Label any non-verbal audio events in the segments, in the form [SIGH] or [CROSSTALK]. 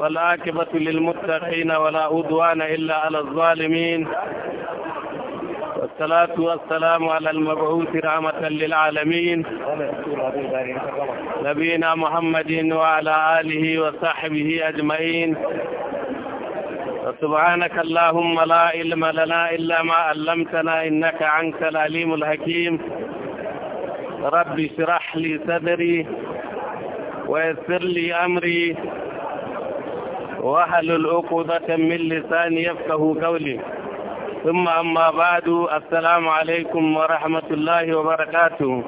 والعاقبة للمتقين ولا عدوان إلا على الظالمين والصلاة والسلام على المبعوث رحمة للعالمين نبينا محمد وعلى آله وصحبه أجمعين سبحانك اللهم لا علم لنا إلا ما علمتنا إنك عنك العليم الحكيم رب اشرح لي صدري ويسر لي أمري واحلل عقدة من لساني يفقه قولي ثم أما بعد السلام عليكم ورحمة الله وبركاته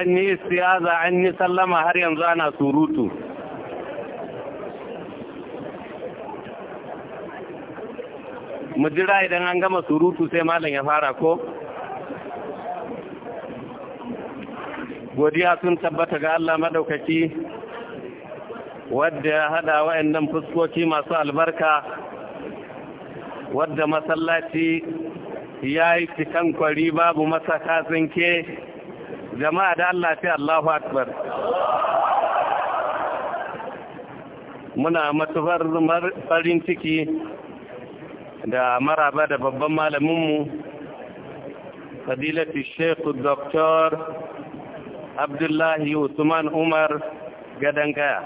an yi istiyaza an yi sallama har yanzu ana surutu mu jira idan an gama surutu sai malam ya fara ko? godiya sun tabbata ga Allah madaukaki wadda ya hada wayannan fuskoki masu albarka wadda masallaci ya yi cikin kwari babu masaka tsinke jama'a da Allah fi Allahu akbar muna matufar farin ciki da maraba da babban malaminmu fadilati sheikh doktor abdullahi usman umar gadon kaya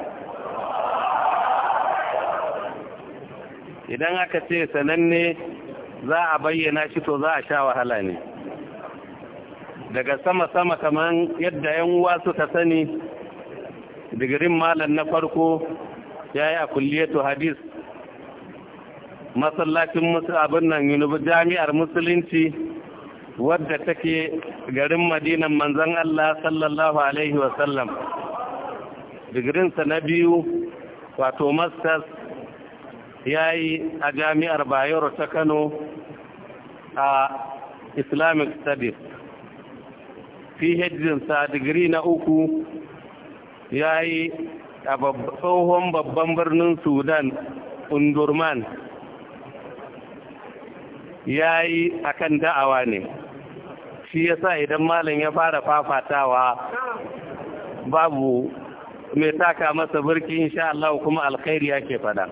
idan aka ce sananne za a bayyana shi to za a sha wahala ne daga sama-sama kamar yadda yan uwa suka sani digirin malam na farko ya yi a kulliyatu hadis masallacin abin nan jami'ar musulunci wadda take garin madinan manzan Allah sallallahu Alaihi wasallam digirinsa na biyu wato masters ya yi a jami'ar bayero ta kano a islamic studies a digiri na uku ya yi a tsohon babban birnin sudan undurman ya yi a kan da'awa ne shi yasa idan malam ya fara fafatawa babu mai taka masa birki insha Allah kuma alkhairi yake fada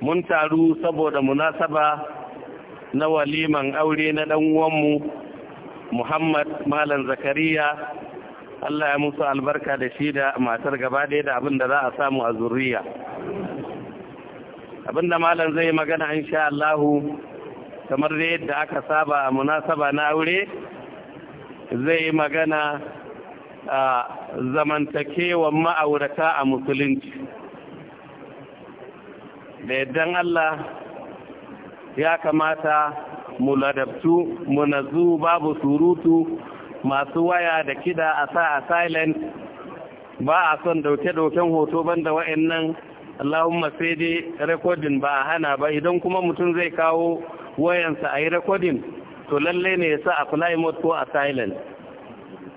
mun taru saboda munasaba na waliman aure na dan uwanmu Muhammad Malam Zakariya Allah ya musu albarka da shi da matar gaba ɗaya da abin da za a samu a zurriya abinda malam zai magana insha Allahu kamar da yadda aka saba a munasaba na aure zai yi magana a zamantakewan ma'aurata a musulunci da yaddan Allah ya kamata mu ladabtu mu nazu babu surutu masu waya da kida a sa a silent ba a son dauke-dauken hoto banda wa'annan Allahumma sai dai rikodin ba a hana ba idan kuma mutum zai kawo wayansa a yi rekodin to lalle ne ya sa a fly mode ko a silent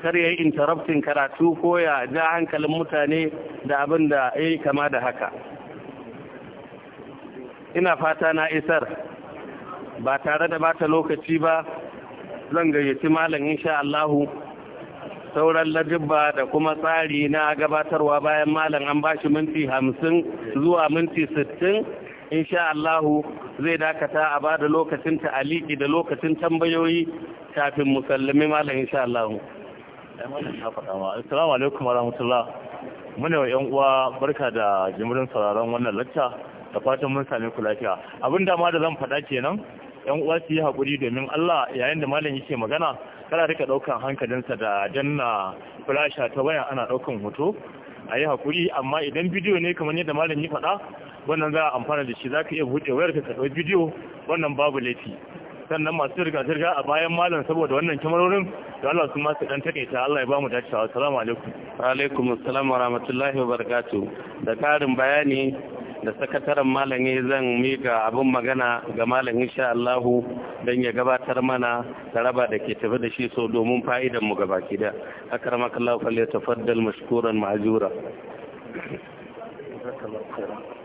kar ya yi interrupting karatu ko ya ja hankalin mutane da abin da ya yi kama da haka ina fata na isar ba tare da bata lokaci ba zan gayyaci malam insha Allah sauran lajibba da kuma tsari na gabatarwa bayan malam an bashi minti hamsin zuwa minti sittin insha Allahu zai dakata a bada lokacin ta'aliki da lokacin tambayoyi kafin musallami malam insha Allahu assalamu alaikum rahmatullah muna wa yan uwa barka da jimirin sauraron wannan lacca da fatan mun same ku lafiya abin da ma da zan faɗa kenan yan uwa su yi haƙuri domin Allah yayin da malam yake magana kada rika ɗaukan hankalinsa da janna flasha ta waya ana ɗaukan hoto a yi haƙuri amma idan bidiyo ne kamar yadda malam ya faɗa wannan za a amfana da shi za ka iya buɗe wayar ka karɓi bidiyo wannan babu laifi sannan masu zirga-zirga a bayan malam saboda wannan kyamarorin da Allah su masu dan takaita Allah ya ba mu dacewa assalamu alaikum alaikum assalam wa rahmatullahi wa barakatuh da karin bayani da sakataren malami zan miƙa abin magana ga malam insha Allah dan ya gabatar mana taraba da ke tafi da shi so domin fa'idan mu gabaki da akramakallahu falyatafaddal mashkuran ma'jura Thank you.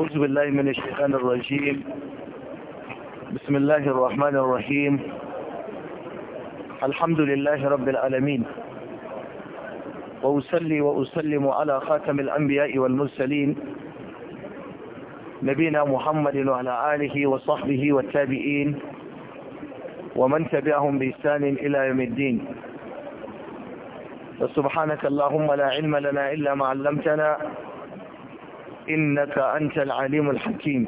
أعوذ بالله من الشيطان الرجيم بسم الله الرحمن الرحيم الحمد لله رب العالمين وأسلي وأسلم على خاتم الأنبياء والمرسلين نبينا محمد وعلى آله وصحبه والتابعين ومن تبعهم بإحسان إلى يوم الدين فسبحانك اللهم لا علم لنا إلا ما علمتنا إنك أنت العليم الحكيم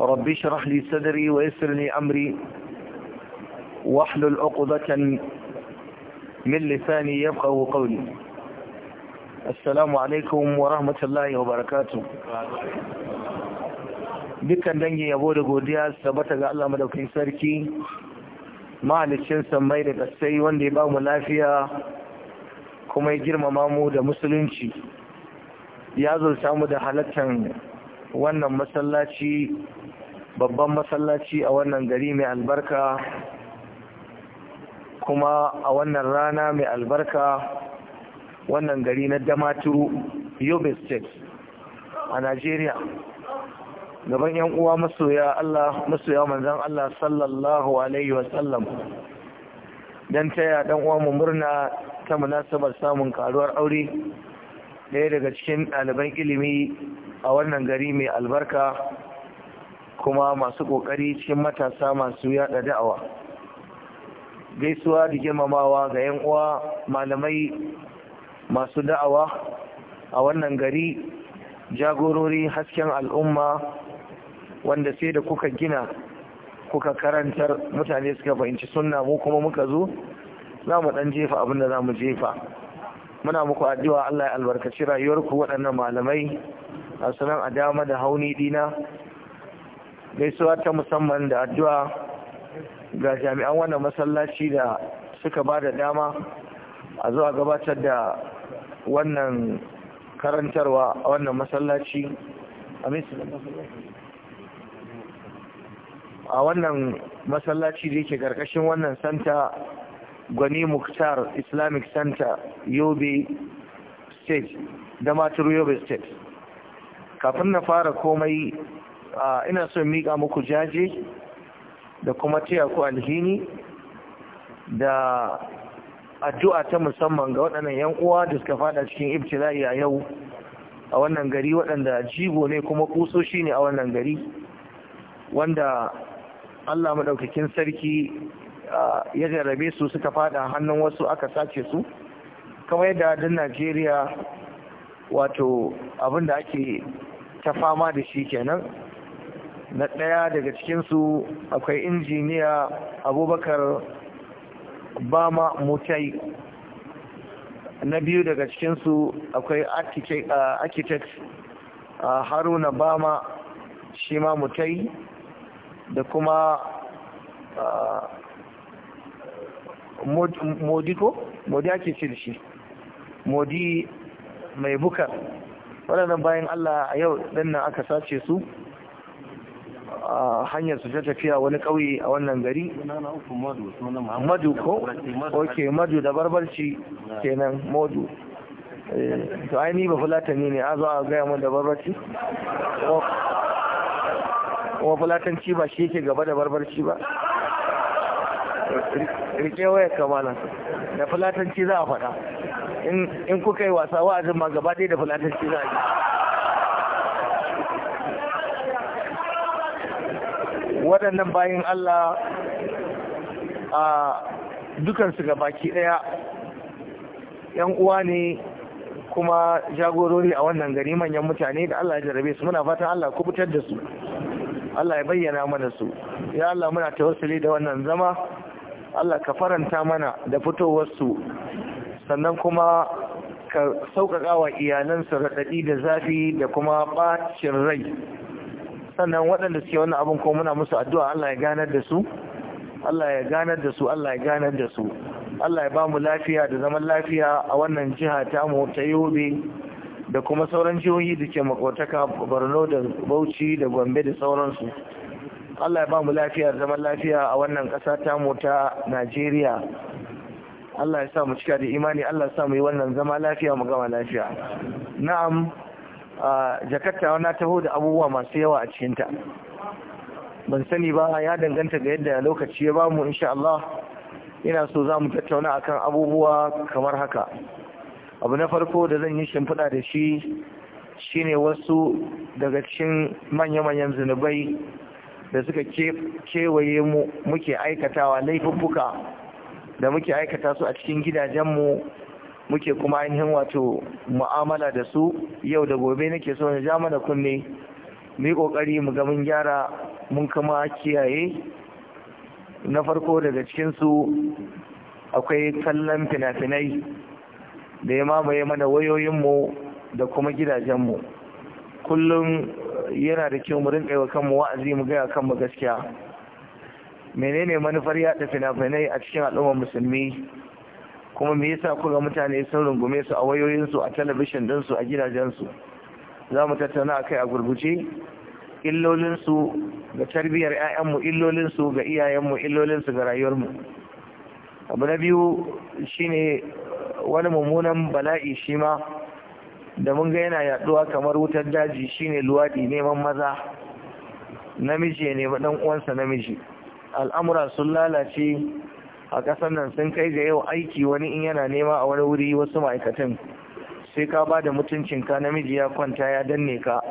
رب اشرح لي صدري ويسر لي أمري واحلل عقدة من لساني يبقى قولي السلام عليكم ورحمة الله وبركاته dukkan dangi yabo da godiya sabata ga Allah madaukakin sarki mahalicin sammai da kasai wanda ya ba mu lafiya kuma ya girmama mu da musulunci ya zurta mu da halattar wannan masallaci babban masallaci a wannan gari mai albarka kuma a wannan rana mai albarka wannan gari na damaturu yobe state a nigeria gaban yan uwa masoya Allah masoya manzan Allah sallallahu alaihi wasallam dan taya dan uwa mu murna ta munasabar samun karuwar aure ɗaya daga cikin ɗaliban ilimi a wannan gari mai albarka kuma masu ƙoƙari cikin matasa masu yaɗa da'awa gaisuwa da girmamawa ga 'yan uwa malamai masu da'awa a wannan gari jagorori hasken al'umma wanda sai da kuka gina kuka karantar mutane suka fahimci sunna mu kuma muka zo za mu ɗan jefa abin da za mu jefa muna muku addu'a Allah ya albarkaci rayuwarku waɗannan malamai a sanan a dama da hauni dina gaisuwa ta musamman da addu'a ga jami'an wannan masallaci da suka ba da dama a zuwa gabatar da wannan karantarwa a wannan masallaci a wannan masallaci da yake karkashin wannan santa gwani muktar islamic center yobe state da maturu yobe state kafin na fara komai ina son miƙa muku jaje da kuma taya ku alhini da addu'a ta musamman ga waɗannan 'yan uwa da suka fada cikin ibtila'i a yau a wannan gari waɗanda jigo ne kuma kusoshi ne a wannan gari wanda Allah maɗaukakin sarki ya jarabe su suka fada hannun wasu aka sace su kamar yadda dan Najeriya wato abin da ake ta fama da shi kenan na ɗaya daga cikinsu akwai injiniya abubakar bama mutai na biyu daga cikinsu akwai architect haruna bama shima ma mutai da kuma modi ko modi ake ce da shi modi mai bukar waɗannan bayan Allah a yau ɗan nan aka sace su a hanyar su ta tafiya wani ƙauye a wannan gari madu ko ok madu da barbarci kenan modu eh, to aini ba fulatani ne a zo a gaya mun da barbarci kuma fulatanci ba shi yake gaba da barbarci ba rike waya kamala da fulatanci za a faɗa in kuka yi wasa wa'azin ma gaba ɗaya da fulatanci za a yi waɗannan bayan Allah a dukansu ga baki ɗaya ‘yan uwa ne kuma jagorori a wannan gari manyan mutane da Allah ya jarabe su muna fatan Allah kubutar da su Allah ya bayyana mana su ya Allah muna tawassuli da wannan zama Allah ka faranta mana da fitowarsu sannan kuma ka sauƙaƙa wa iyalansu raɗaɗi da zafi da kuma ɓacin rai sannan waɗanda suke wannan abin ko muna musu addu'a Allah ya ganar da su Allah ya ganar da su Allah ya ganar da su Allah ya ba mu lafiya da zaman lafiya a wannan jiha ta mu ta Yobe da kuma sauran jihohi da ke makwataka barno da Bauchi da Gombe da sauransu Allah ya ba mu lafiya zaman lafiya a wannan ƙasa ta mu ta Najeriya Allah ya sa mu cika da imani Allah ya sa mu yi wannan zama lafiya mu gama lafiya na'am jakarta na taho da abubuwa masu yawa a cikinta ban sani ba ya danganta ga yadda lokaci ya bamu insha Allah ina so za mu tattauna akan abubuwa kamar haka abu na farko da zan yi shimfiɗa da shi shine wasu daga cikin manya-manyan zunubai da suka kewaye mu muke aikatawa laifuffuka da muke aikata su a cikin gidajenmu muke kuma ainihin wato mu'amala da su yau da gobe nake so na ja mana kunne mu yi kokari mu ga mun gyara mun kama kiyaye na farko daga cikin su akwai kallon fina-finai da ya mamaye mana wayoyinmu da kuma gidajenmu kullum yana da kyau mu rinka yi wa kanmu wa'azi mu gaya kanmu gaskiya menene manufar yaɗa fina-finai a cikin al'ummar musulmi kuma me yasa kuma mutane sun rungume su a wayoyinsu a talabishin dinsu a gidajensu za mu tattauna a kai a gurguce illolinsu ga tarbiyyar 'ya'yanmu illolinsu ga iyayenmu illolinsu ga rayuwarmu abu na biyu shine wani mummunan bala'i shi ma da mun ga yana yaduwa kamar wutar daji shine luwadi neman maza namiji ne ba dan uwansa namiji al'amura sun lalace a ƙasar nan sun kai ga yau aiki wani in yana nema a wani wuri wasu ma'aikatan sai ka ba da mutuncin ka namiji ya kwanta ya danne ka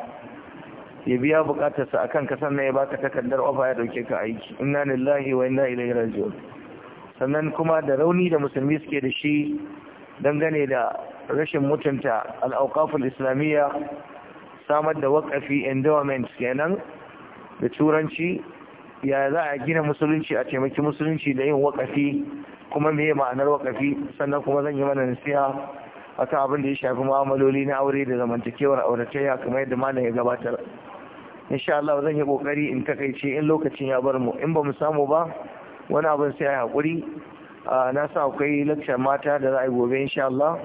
ya biya bukatarsa kan kasar na ya baka takardar ofa ya dauke ka aiki inna lillahi wa inna ilaihi raji'un sannan kuma da rauni da musulmi suke da shi dangane da rashin mutunta al'aukaful islamiyya samar da wakafi endowment kenan da turanci ya za a gina musulunci a taimaki musulunci da yin wakafi kuma mai ma'anar wakafi sannan kuma zan yi mana nasiha kan abin da ya shafi ma'amaloli na aure da zamantakewar auratayya kamar yadda malam ya gabatar insha Allah zan yi kokari in takaice in lokacin ya bar mu in ba mu samu ba wani abin sai ya hakuri ah, na sa akwai lakcar mata da za a yi gobe insha Allah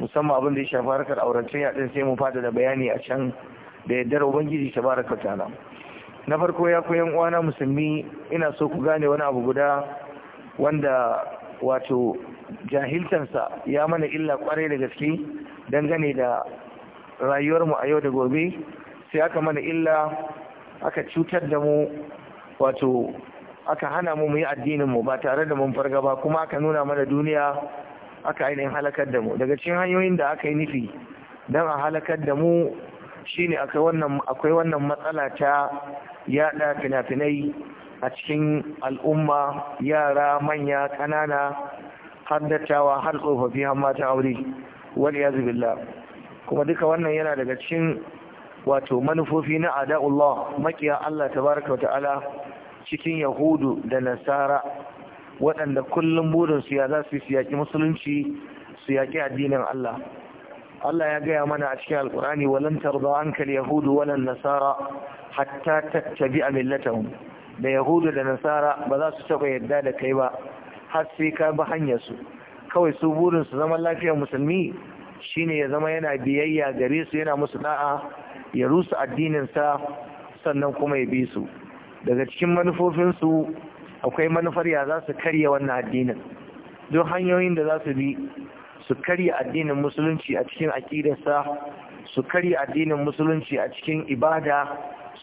musamman abin da ya shafi harkar aurancen din sai mu fada da bayani a can da yaddar ubangiji baraka ta'ala na farko ya koyan uwana musulmi ina so ku gane wani abu guda wanda wato jahiltansa ya mana illa kwarai da gaske dangane da rayuwarmu a yau da gobe sai aka mana illa aka cutar da mu wato aka hana mu muyi addinin mu ba tare da mun farga ba kuma aka nuna mana duniya aka ainihin halakar da mu daga cikin hanyoyin da aka yi nufi don a halakar da mu shine akwai wannan matsala ta yada fina-finai a cikin al'umma yara manya ƙanana har dattawa har tsofaffi har mata aure wani ya zubilla kuma duka wannan yana daga cikin wato manufofi na ada'ullah makiya Allah tabaraka wa ta'ala cikin yahudu da nasara waɗanda kullum burinsu ya za su yi yaƙi musulunci su yaƙi addinin Allah Allah ya gaya mana a cikin alkurani walan an ankal yahudu walan nasara hatta a millatan da yahudu da nasara ba za su taɓa yadda da kai ba har sai ka bi hanyarsu. kawai su burin su zaman lafiyar musulmi shine ya zama yana biyayya gare su yana musu da'a ya rusa addininsa, sannan kuma ya bi su daga cikin manufofinsu. akwai manufar ya za su karya wannan addinin don hanyoyin da za su bi su karya addinin musulunci a cikin aƙidarsa su karya addinin musulunci a cikin ibada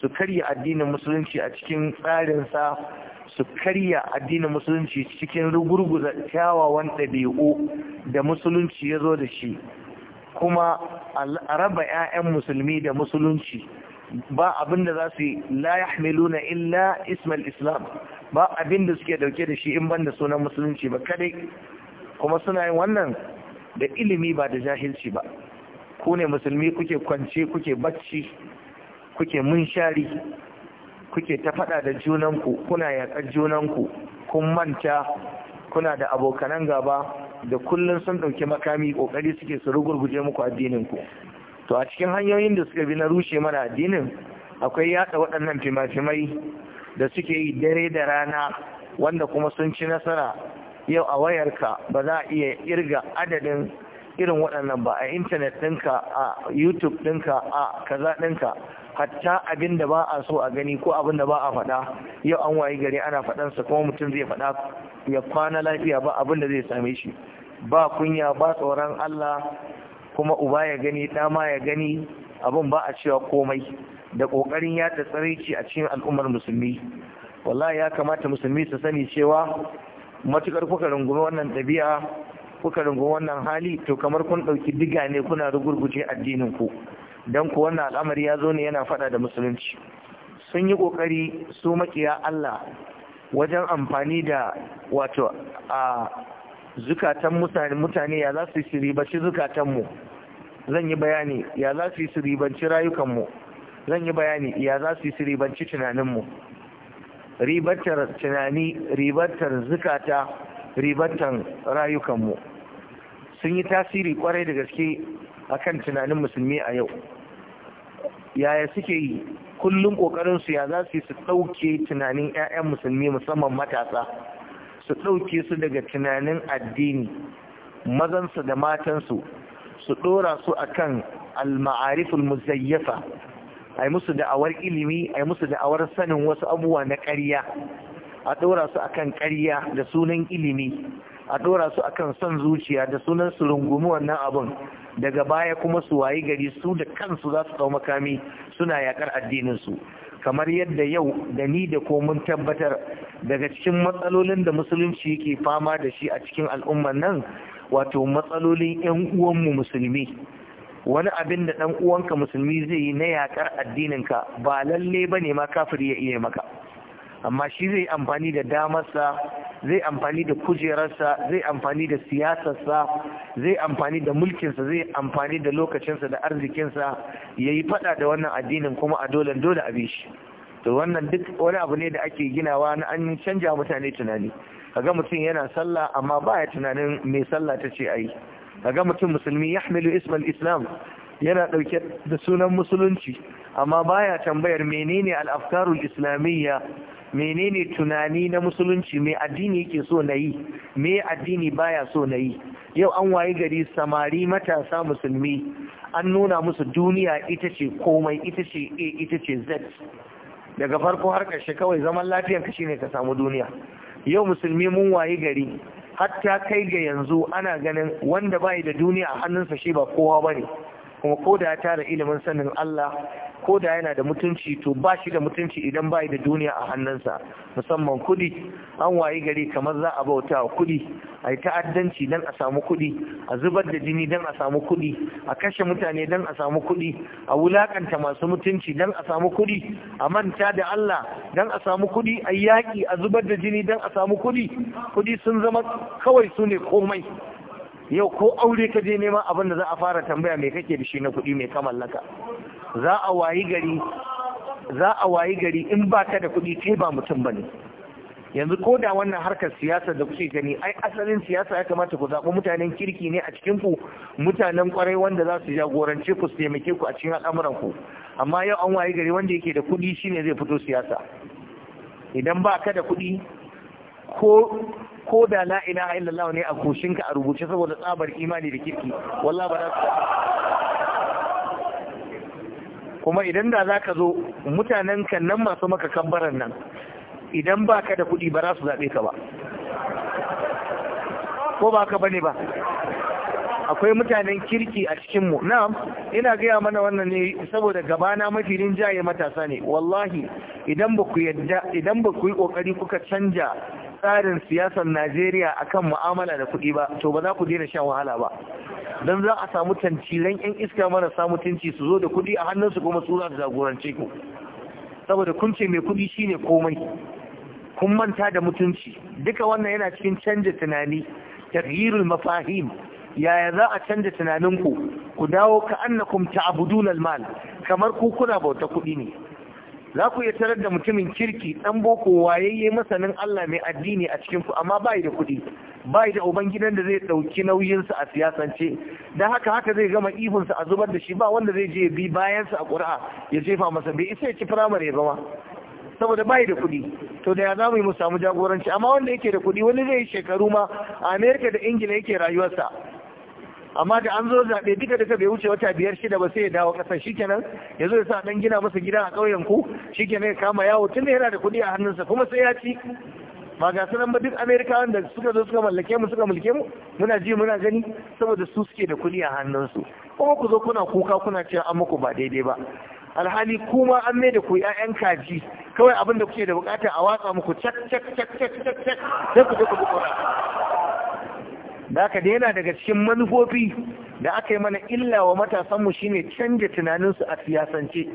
su karya addinin musulunci a cikin tsarinsa su karya addinin musulunci cikin rugurguza kyawawan ɗabi'u da musulunci ya zo da shi kuma a raba 'ya'yan musulmi da musulunci ba abinda da za su yi la yahmiluna illa ismal islam ba abin da suke dauke da shi in ban da sunan musulunci ba kadai kuma suna yin wannan da ilimi ba da jahilci ba ku ne musulmi kuke kwance kuke bacci kuke munshari kuke ta faɗa da junanku kuna yaƙar junanku kun manta kuna da abokanan gaba da kullum sun ɗauki makami kokari suke su rugurguje muku addinin ku to a cikin hanyoyin da suka bi na rushe mana addinin akwai yaɗa waɗannan fimafimai. da suke yi dare da rana wanda kuma sun ci nasara yau a wayarka ba za a iya irga adadin irin waɗannan ba a intanet ɗinka a youtube ɗinka a kaza ɗinka hatta abin da ba a so a gani ko abin da ba a faɗa yau an wayi gari ana faɗan faɗansa kuma mutum zai faɗa ya kwana lafiya ba abin da zai same shi ba kunya ba tsoron allah kuma uba ya gani dama ya gani abin ba a cewa komai da kokarin ta tsaraici a cikin al'ummar musulmi wallahi ya kamata musulmi su sani cewa matukar kuka rungumi wannan ɗabi'a kuka rungumi wannan hali to kamar kun ɗauki diga ne kuna rugurguje addinin ku don ku wannan al'amari ya zo ne yana faɗa da musulunci sun yi ƙoƙari su makiya Allah wajen amfani da wato a zukatan mutane ya za su yi ribanci zukatanmu zan yi bayani ya za su yi su ribanci rayukanmu zan yi bayani ya za su yi su ribanci tunaninmu ribattar tunani ribattar zukata ribattar rayukanmu sun yi tasiri kwarai da gaske a kan tunanin musulmi a yau yaya suke yi kullum ƙoƙarinsu ya za su yi su ɗauke tunanin 'ya'yan musulmi musamman matasa su ɗauke su daga tunanin addini mazansu da matansu su ɗora su akan al-ma'ariful muzayyafa a yi musu da'awar ilimi a yi musu da'awar sanin wasu abubuwa na ƙarya a ɗora su akan ƙarya da sunan ilimi a ɗora su akan son zuciya da sunan su rungumi wannan abin daga baya kuma su wayi gari su da kansu za su ɗau makami suna yaƙar addininsu kamar yadda yau da ni da ko mun tabbatar daga cikin matsalolin da musulunci yake fama da shi a cikin al'ummar nan wato matsalolin 'yan uwanmu musulmi wani abin da ɗan uwanka musulmi zai yi na yaƙar addininka ba lalle ba ne ma kafiri ya iya maka amma shi zai amfani da damarsa zai amfani da kujerarsa zai amfani da siyasarsa zai amfani da mulkinsa zai amfani da lokacinsa da arzikinsa ya yi faɗa da wannan addinin kuma a dole dole a shi to wannan duk wani abu ne da ake ginawa na an canja mutane tunani kaga mutum yana sallah amma ba ya tunanin mai sallah ta ce a yi kaga mutum musulmi ya hamilu islam yana ɗauke da sunan musulunci amma baya tambayar menene al'afkarul islamiyya menene tunani na musulunci mai addini yake so na yi me addini baya so na yi yau an waye gari samari matasa musulmi an nuna musu duniya ita ce komai ita ce a ita ce z daga farko har karshe kawai zaman lafiyar ka shine ka samu duniya yau musulmi mun waye gari hatta kai ga yanzu ana ganin wanda bai da duniya a hannunsa shi ba kowa bane kuma ko da ya tara ilimin sanin Allah ko da yana da mutunci to ba shi da mutunci idan bai da duniya a hannunsa musamman kudi an wayi gari kamar za a bauta wa kudi a yi ta'addanci don a samu kudi a zubar da jini don a samu kudi a kashe mutane don a samu kudi a wulakanta masu mutunci don a samu kudi a manta da Allah don a samu kudi a yaƙi a zubar da jini don a samu kudi kudi sun zama kawai su ne komai yau ko aure ka je neman abin da za a fara tambaya mai kake da shi na kuɗi mai kamallaka za a wayi gari za a wayi gari in ba ka da kuɗi ke ba mutum ba ne yanzu ko da wannan harkar siyasa da kuke gani ai asalin siyasa ya kamata ku zaɓi mutanen kirki ne a cikin ku mutanen kwarai wanda za su jagorance ku su taimake ku a cikin al'amuran ku amma yau an wayi gari wanda yake da kuɗi shine zai fito siyasa idan ba ka da kuɗi ko ko da la ilaha illallah ne a koshinka a rubuce saboda tsabar imani da kirki wallahi ba za su kuma idan da zaka zo mutanen kan nan masu maka kambaran nan idan baka da kuɗi ba za su zaɓe ka ba ko ba ka bane ba akwai mutanen kirki a cikinmu na ina gaya mana wannan ne saboda gabana mafi jaye matasa ne wallahi idan ba ku yadda idan ba ku yi kokari kuka canja tsarin siyasar Najeriya akan mu'amala da kuɗi ba to ba za ku daina shan wahala ba don za a samu tanciran 'yan iska mana marasa mutunci su zo da kuɗi a hannunsu kuma su za su jagorance ku saboda kun ce mai kuɗi shi ne komai kun manta da mutunci duka wannan yana cikin canja tunani taghyirul mafahim yaya za a canja tunaninku ku dawo ka annakum ta'buduna mal kamar ku kuna bauta kuɗi ne za ku iya tarar da mutumin kirki ɗan boko wayayye masanin Allah mai addini a cikin ku amma bai da kuɗi bai da ubangidan da zai ɗauki nauyinsa a siyasance don haka haka zai gama ihunsa a zubar da shi ba wanda zai je bi bayansa a ƙuri'a ya jefa masa bai isa ya ci firamare ba ma saboda bai da kuɗi to da ya za mu yi mu samu jagoranci amma wanda yake da kuɗi wani zai yi shekaru ma a amerika da ingila yake rayuwarsa amma da an zo zaɓe duka duka bai wuce wata biyar shida ba sai ya dawo ƙasar shikenan ya zo ya sa ɗan gina masa gida a ƙauyen ku shikenan ya kama yawo tun da yana da kuɗi a hannunsa kuma sai ya ci ba ga sunan ba duk amerikawan da suka zo suka mallake mu suka mulke mu muna ji muna gani saboda su suke da kuɗi a hannunsu kuma ku zo kuna kuka kuna cewa an muku ba daidai ba alhali kuma an mai da ku ƴaƴan kaji kawai abin da kuke da bukata a watsa muku cak cak cak cak cak cak cak ku cak cak c da aka da yana daga cikin manufofi da aka yi mana illa wa matasanmu shine canja tunaninsu a siyasance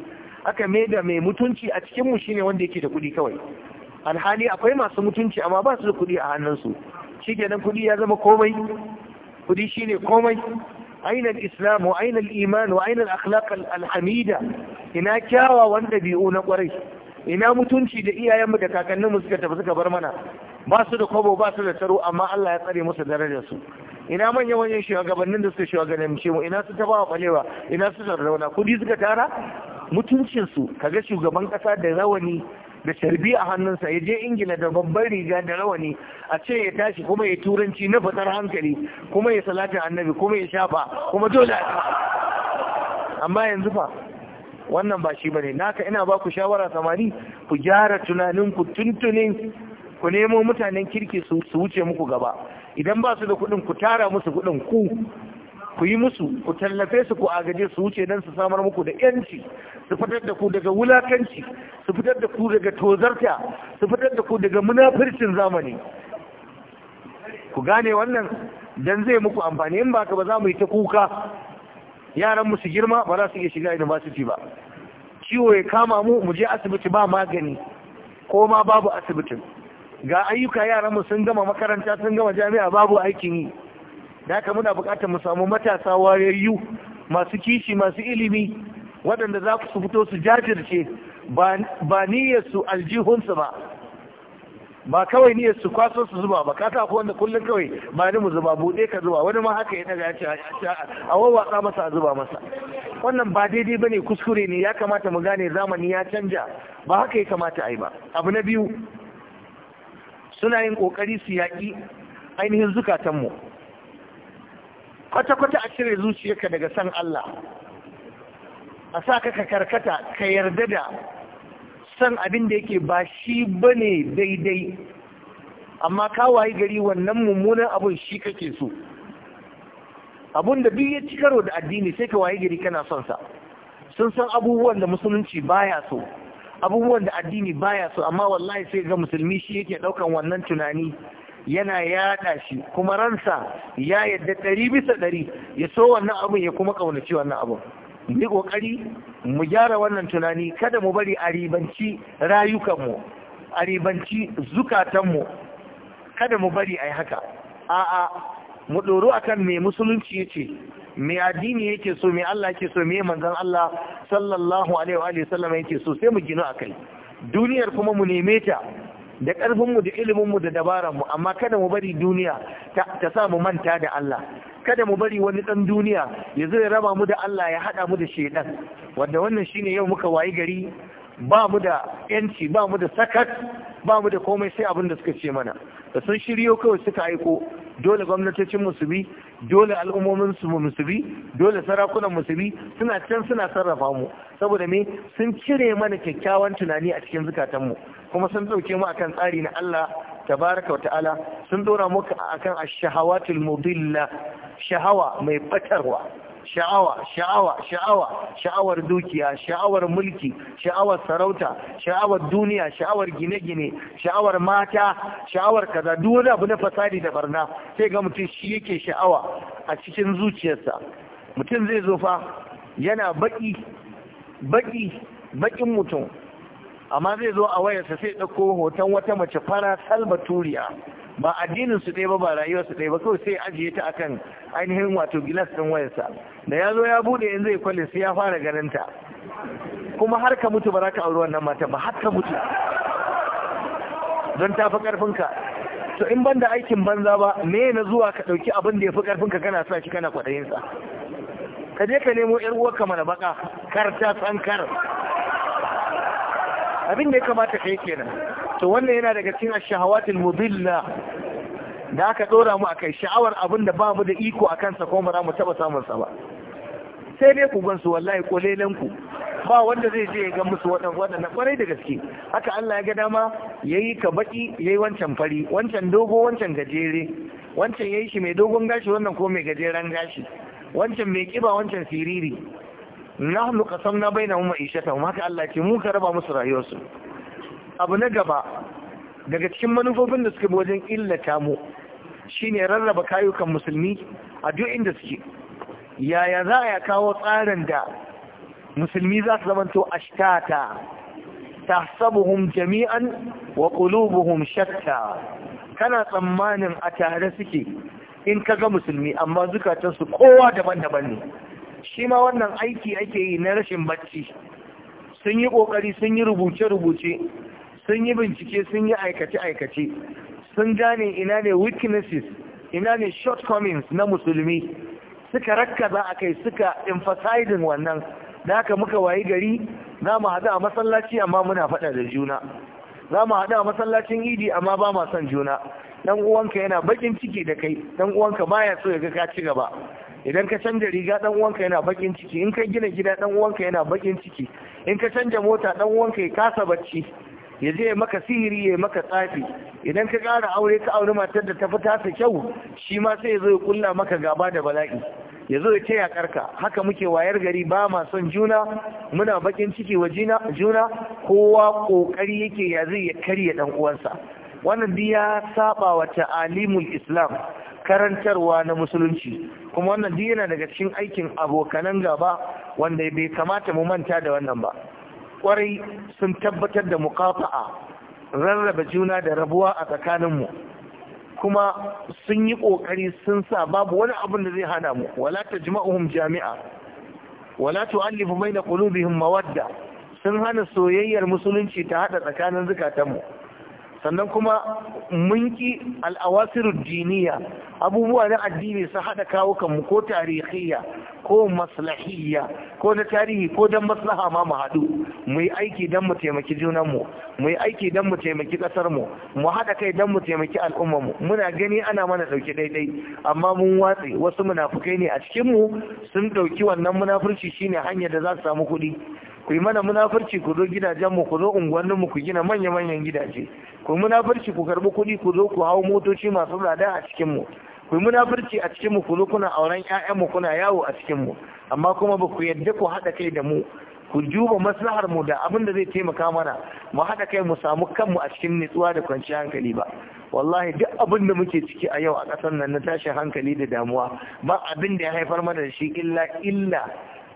aka mai da mai mutunci a cikinmu shine wanda yake da kuɗi kawai alhali akwai masu mutunci amma ba su da kuɗi a hannunsu shi kenan kuɗi ya zama komai kuɗi shine komai أين الإسلام وأين الإيمان وأين Ina kyawa wanda ɗabi'u na ƙwarai ina mutunci da iyayenmu da mu suka tafi suka bar mana ba su da kwabo ba su da taro amma Allah ya tsare musu darajar su ina manyan manyan shugabannin da suka shugabanci mu ina su tabawa balewa ina su sarrauna kudi suka tara mutuncin su kaga shugaban kasa da rawani da sharbi a hannunsa ya je ingila da babban riga da rawani a ce ya tashi kuma ya turanci na fatar hankali kuma ya salata annabi kuma ya shafa kuma dole amma yanzu fa wannan ba shi bane naka ina baku shawara samari ku gyara tunanin ku tuntunin ku nemo mutanen kirki su wuce muku gaba idan ba su da kuɗin ku tara musu kuɗin ku ku yi musu ku tallafe su ku agaje su wuce don su samar muku da yanci su fitar da ku daga wulakanci su fitar da ku daga tozarta su fitar da ku daga munafircin zamani ku gane wannan dan zai muku amfani in ba ka ba za mu yi ta kuka yaran mu su girma ba za su iya shiga university ba ciwo ya kama mu mu je asibiti ba magani ko ma babu asibitin ga ayyuka yaran mu sun gama makaranta sun gama jami'a babu aikin yi da haka muna buƙatar mu samu matasa wayayyu masu kishi masu ilimi waɗanda za su fito su jajirce ba niyyar su aljihunsu ba ba kawai niyyar su kwaso su zuba ba kasa ko wanda kullum kawai ba ni mu zuba bude ka zuba wani ma haka ya daga ya ce a wawwatsa masa a zuba masa wannan ba daidai bane kuskure ne ya kamata mu gane zamani ya canja ba haka ya kamata ai ba abu na biyu suna yin kokari su yaki ainihin zukatan mu kwata kwata a cire zuciyarka daga san Allah a sa ka karkata ka yarda da san abin da yake ba shi bane daidai amma kawaye gari wannan mummunan abin shi kake so abin da duk ya ci karo da addini sai ka waye gari kana son sa sun san abubuwan da musulunci baya so abubuwan da addini baya so amma wallahi sai ga musulmi shi yake daukan wannan tunani yana yaɗa shi kuma ransa ya yadda ɗari bisa ɗari ya so wannan abin ya kuma ƙaunaci wannan abin yi ƙoƙari, mu gyara wannan tunani kada mu bari a ribanci rayukanmu a ribanci zukatanmu kada mu bari a yi haka a'a mu ɗoro a kan me musulunci ya ce, me addini yake so me Allah yake so me manzan Allah sallallahu alaihi wa ya yake so sai mu gino kai. duniyar kuma mu neme ta da ƙarfinmu da iliminmu da dabararmu amma kada mu bari duniya ta sa mu manta da Allah kada mu bari wani ɗan duniya ya zo ya raba mu da Allah ya haɗa mu da shedan wanda wannan shine yau muka wayi gari ba mu da yanci ba mu da sakat ba mu da komai sai abin da suka ce mana da sun shiryo kawai suka aiko dole gwamnatocin musubi dole al'ummomin su musulmi dole sarakunan musulmi suna can suna sarrafa mu saboda me sun cire mana kyakkyawan tunani a cikin zukatan mu kuma sun dauke mu akan tsari na Allah tabaraka wata'ala sun dora mu akan ash-shahawatul mudilla shahawa mai batarwa sha'awa sha'awa sha'awa sha'awar dukiya sha'awar mulki sha'awar sarauta sha'awar duniya sha'awar gine-gine sha'awar mata sha'awar kaza duk wani abu na fasadi da barna sai ga mutum shi yake sha'awa a cikin zuciyarsa mutum zai zo fa yana baki baki bakin mutum amma zai zo a wayarsa sai ɗauko hoton wata mace fara salbaturiya ba addinin su ɗaya ba ba rayuwar su ɗaya ba kawai sai ajiye ta akan ainihin wato gilas ɗin wayarsa da ya zo ya buɗe in zai kwalin sai ya fara ganin ta kuma har ka mutu ba za ka auri wannan mata ba har ka mutu don ta fi ƙarfinka to in banda aikin banza ba me na zuwa ka ɗauki abin da ya fi ƙarfinka kana sa shi kana kwaɗayinsa ka je ka nemo ƴar uwarka mana baka kar ta san kar abin da ya kamata kai kenan to wannan yana daga cikin ash-shahawatil mudilla da aka ɗora mu akai sha'awar abin da ba mu da iko a kansa ko ba mu taba samun sa ba sai dai ku gansu wallahi kolelen ku ba wanda zai je ya ga musu waɗannan kwarai da gaske haka Allah ya ga dama yayi ka baki yayi wancan fari wancan dogo wancan gajere wancan yayi shi mai dogon gashi wannan ko mai gajeren gashi wancan mai kiba wancan siriri nahnu qasamna bainahum ma'ishatahum haka Allah ce mu ka raba musu rayuwarsu abu na gaba daga cikin manufofin da suka bi wajen illata mu shine rarraba kayukan musulmi a duk inda suke yaya za a kawo tsarin da musulmi za su zamanto Ta sabuhun jami'an wa qulubuhum shatta kana tsammanin a tare suke in ka ga musulmi amma zukatansu kowa daban-daban ne shi ma wannan aiki ake yi na rashin bacci sun yi kokari sun yi rubuce-rubuce sun yi bincike sun yi aikace-aikace sun gane ina ne weaknesses ina ne shortcomings na musulmi suka rakkaza a kai suka emphasizing wannan da haka muka wayi gari za mu haɗu a masallaci amma muna faɗa da juna za mu haɗu a masallacin idi amma ba ma son juna dan uwanka yana bakin ciki da kai dan uwanka baya so ya ga ka ci gaba idan ka canja riga dan uwanka yana bakin ciki in ka gina gida dan uwanka yana bakin ciki in ka canja mota dan uwanka ya kasa bacci ya je maka sihiri ya maka tsafi idan ka ƙara aure ka auri matar da ta fi tasa kyau shi ma sai ya zo ya kulla maka gaba da bala'i ya zo ya ce ya karka haka muke wayar gari ba ma son juna muna bakin ciki wa juna kowa kokari yake ya zai ya karya dan uwansa wannan duk saba wa ta'alimul islam karantarwa na musulunci kuma wannan duk yana daga cikin aikin abokanan gaba wanda bai kamata mu manta da wannan ba kwarai sun tabbatar da mukafa'a rarraba juna da rabuwa a tsakaninmu kuma sun yi ƙoƙari sun sa babu wani abin da zai hana mu wala tajma'uhum jami'a wala tu'allifu baina qulubihim mawadda sun hana soyayyar musulunci ta hada tsakanin zukatanmu sannan kuma mun ki al'awasirin abubuwa na addini sun haɗa kawo kanmu ko tarihiyya ko maslahiyya ko na tarihi ko don maslaha ma mu haɗu mu yi aiki don mu taimaki junanmu mu aiki don mu taimaki ƙasarmu mu haɗa kai don mu taimaki al'ummarmu muna gani ana mana ɗauki daidai amma mun watsi wasu munafukai ne a cikinmu sun ɗauki wannan munafurci shine hanyar da za su samu kuɗi ku yi mana munafurci ku zo gidajen mu ku zo unguwanninmu ku gina manya-manyan gidaje ku munafurci ku karbi kuɗi ku zo ku hau motoci masu rada a cikinmu ku yi munafurci a cikinmu ku zo kuna auren mu kuna yawo a cikin mu amma kuma ba ku yadda ku haɗa kai da mu ku juba maslahar mu da abin da zai taimaka mana mu haɗa kai mu samu kanmu a cikin nutsuwa da kwanciyar hankali ba wallahi duk abin da muke ciki a yau a ƙasar nan na tashin hankali da damuwa ba abin da ya haifar mana da shi illa illa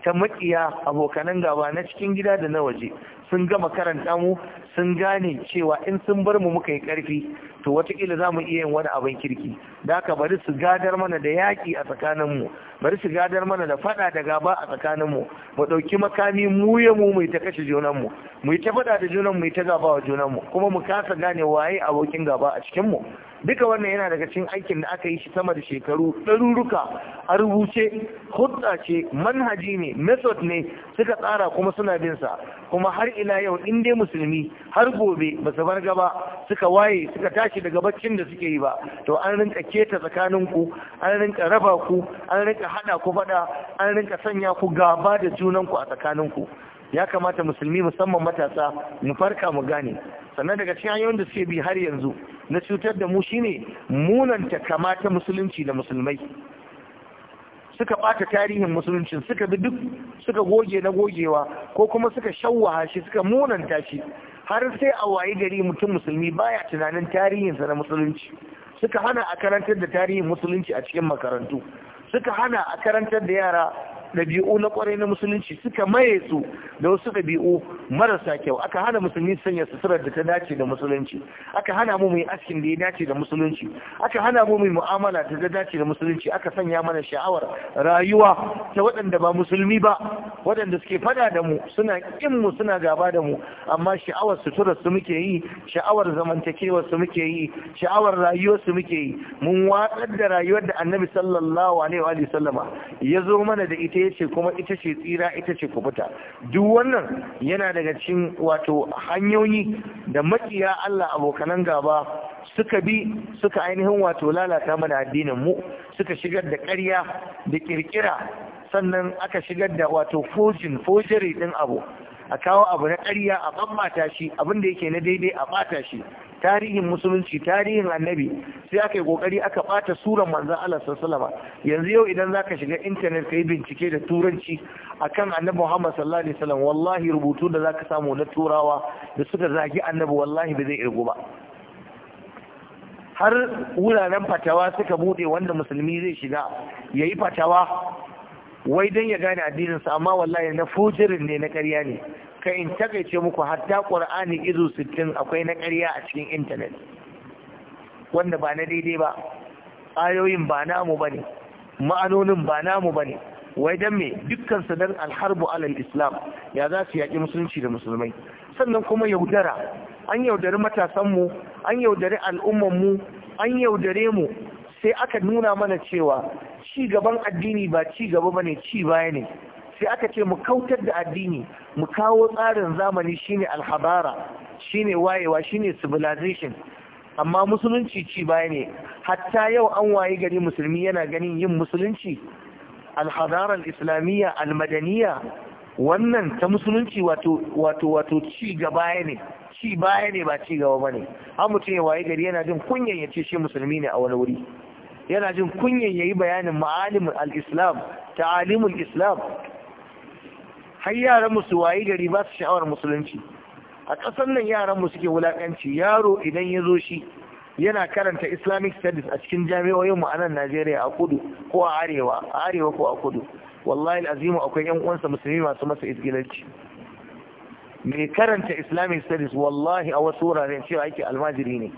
ta makiya abokanan gaba na cikin gida da na waje sun gama karanta mu sun gane cewa in sun bar mu muka yi karfi to watakila za mu iya yin wani abin kirki da aka bari su gadar mana da yaƙi a tsakaninmu bari su gadar mana da faɗa da gaba a tsakaninmu mu ɗauki makami mu ya mu mu ta kashe junanmu mu yi ta faɗa da junanmu mu ta gaba wa junanmu kuma mu kasa gane waye abokin gaba a cikinmu duka wannan yana daga cikin aikin da aka yi shi sama da shekaru ɗaruruka a rubuce hudda ce manhaji ne method ne suka tsara kuma suna bin sa kuma har ila yau in dai musulmi har gobe ba su bar gaba suka waye suka tashi daga baccin da suke yi ba to an rinka keta tsakanin ku an rinka raba ku an rinka hada ku fada an rinka sanya ku gaba da junan ku a tsakanin ku ya kamata musulmi musamman matasa mu farka mu gane sannan daga cikin hanyoyin da suke bi har yanzu na cutar da mu shine munanta kamata musulunci da musulmai suka bata tarihin musuluncin suka bi duk suka goge na gogewa ko kuma suka shawwaha shi suka munanta shi har sai a wayi gari mutum musulmi baya tunanin tarihinsa na musulunci suka hana a karantar da tarihin musulunci a cikin makarantu suka hana a karantar da yara ɗabi'u na kwarai na musulunci suka maye su da wasu ɗabi'u marasa kyau aka hana musulmi sanya suturar da ta dace da musulunci aka hana mu mai askin da ya dace da musulunci aka hana mu mu mu'amala da ta dace da musulunci aka sanya mana sha'awar rayuwa ta waɗanda ba musulmi ba waɗanda suke fada da mu suna ƙin mu suna gaba da mu amma sha'awar suturar su muke yi sha'awar zamantakewa su muke yi sha'awar rayuwar su muke yi mun watsar da rayuwar da annabi sallallahu alaihi wa sallama ya zo mana da ita ce ce kuma ita ce tsira ita ce kubuta duk wannan yana daga cikin wato hanyoyi da makiya Allah abokanan gaba suka bi suka ainihin wato lalata mana addinin mu suka shigar da ƙarya da kirkira sannan aka shigar da wato fojin fojiri din abu a kawo abu na ƙarya a mata shi abinda yake na daidai a ɓata shi tarihin musulunci tarihin annabi sai aka yi ƙoƙari aka ɓata suran manzon Allah sallallahu yanzu yau idan zaka shiga intanet kai bincike da turanci akan annabi Muhammad sallallahu alaihi wallahi rubutu da zaka samu na turawa da suka zagi annabi wallahi ba zai irgu ba har wuraren fatawa suka bude wanda musulmi zai shiga yayi fatawa wai don ya gane addinin sa amma wallahi na fujirin ne na ƙarya ne ka in takaice muku hatta qur'ani izu 60 akwai na ƙarya a cikin intanet. wanda ba na daidai ba ayoyin ba namu bane ma'anonin ba namu bane wai dan me dukkan su dan alharbu alal islam ya za su yaki musulunci da musulmai sannan kuma yaudara an yaudari matasanmu an yaudari al'ummanmu an yaudare mu sai aka nuna mana cewa ci gaban addini ba ci gaba bane ci baya ne sai aka ce mu kautar da addini mu kawo tsarin zamani shine alhabara shine wayewa shine civilization amma musulunci ci baya ne hatta yau an waye gari musulmi yana ganin yin musulunci alhadarar islamiyya almadaniya wannan ta musulunci wato wato wato ci gaba ne ci baya ne ba ci gaba bane an mutum ya waye gari yana jin kunyan ya shi musulmi ne a wani wuri yana jin kunyan yayi bayanin ma'alimin al-islam ta'alimul islam har yaran mu su wayi gari ba su sha'awar musulunci a ƙasar nan yaran mu suke wulakanci yaro idan ya zo shi yana karanta islamic studies a cikin jami'o'in mu a nan Najeriya a kudu ko a arewa a arewa ko a kudu wallahi azimu akwai yan uwansa musulmi masu masa izgilanci mai karanta islamic studies wallahi a wasu wuraren cewa yake almajiri ne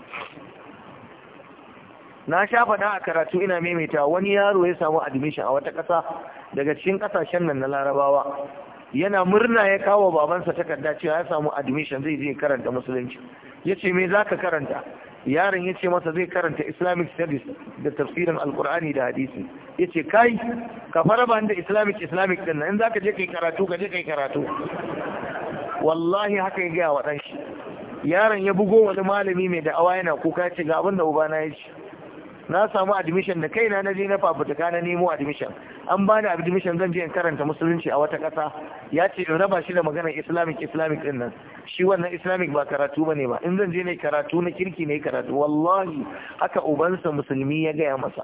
na sha faɗa a karatu ina maimaita wani yaro ya samu admission a wata ƙasa daga cikin ƙasashen nan na larabawa yana murna ya kawo babansa takarda cewa ya samu admission zai je karanta musulunci ya ce me za ka karanta yaron ya ce masa zai karanta islamic studies da tafsirin alkur'ani da hadisi ya ce kai ka fara ba da islamic islamic din in za ka je kai karatu ka je karatu wallahi haka ya gaya wa ɗanshi yaron ya bugo wani malami mai da'awa yana kuka ce ga abin da ubana ya ce na samu admission da kaina na je na fafutuka na nemo admission an bani admission zan je in karanta musulunci a wata ƙasa ya ce in raba shi da maganar islamic islamic din nan shi wannan islamic ba karatu bane ba in zan je ne karatu na kirki ne karatu wallahi haka ubansa musulmi ya gaya masa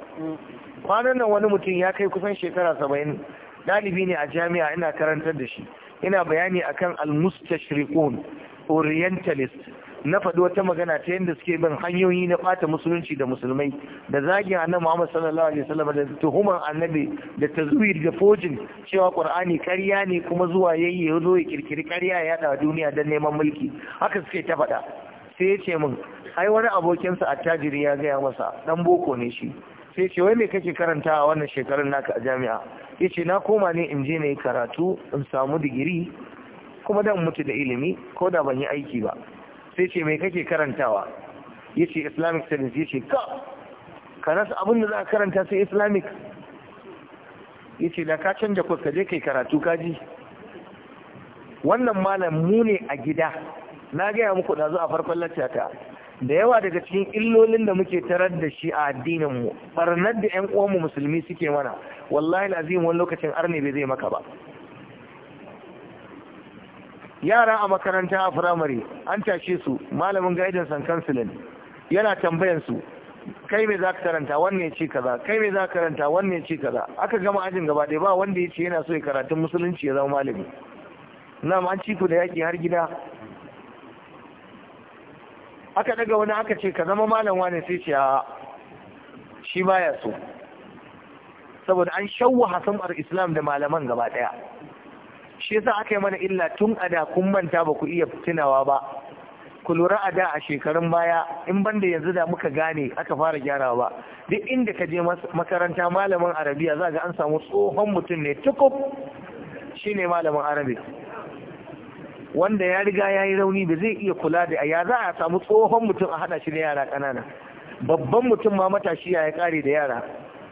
kwanan nan wani mutum ya kai kusan shekara saba'in Dalibi ne a jami'a ina karantar da shi ina bayani akan al-mustashriqun orientalist na faɗi wata magana ta yadda suke bin hanyoyi na ɓata musulunci da musulmai da zagin annabi Muhammad sallallahu alaihi wasallam da tuhumar annabi da tazwir da fojin cewa Qur'ani ƙarya ne kuma zuwa yayi ya zo ya kirkiri ƙarya ya yada duniya don neman mulki haka suke ta faɗa sai ya ce min ai wani abokinsa attajiri ya gaya masa dan boko ne shi sai ce wai me kake karanta a wannan shekarun naka a jami'a Ya ce na koma ne in je na yi karatu in samu digiri kuma dan mutu da ilimi ko da ban yi aiki ba sai ce mai kake karantawa ya ce islamic studies ya ce ka ka abin da za a karanta sai islamic ya ce da ka canja kwasa ka je kai karatu kaji wannan malam mu ne a gida na gaya muku da zuwa farkon lattata da yawa daga cikin illolin da muke tarar da shi a addininmu barnar da 'yan uwanmu musulmi suke mana wallahi lazim wani lokacin arne bai zai maka ba yara a makaranta a firamare an tashe su malamin guidance San Kansilin" yana tambayan su kai me za ka karanta wannan ya ce kaza kai me za ka karanta wannan ya ce kaza aka gama ajin gaba ɗaya ba wanda ya ce yana so ya karatun musulunci ya zama malami na an ci ku da yaƙi har gida aka daga wani aka ce ka zama malam wani sai ce a shi baya so saboda an shawwa hasamar islam da malaman gaba ɗaya shi yasa aka yi mana illa tun a da kun manta ba ku iya tunawa ba ku lura a da a shekarun baya in banda yanzu da muka gane aka fara gyarawa ba duk inda ka je makaranta malamin arabiya za ga an samu tsohon mutum ne tukub ne malamin arabi wanda ya riga ya yi rauni da zai iya kula da ya za a samu tsohon mutum a haɗa shi da yara ƙanana babban mutum ma matashi ya kare da yara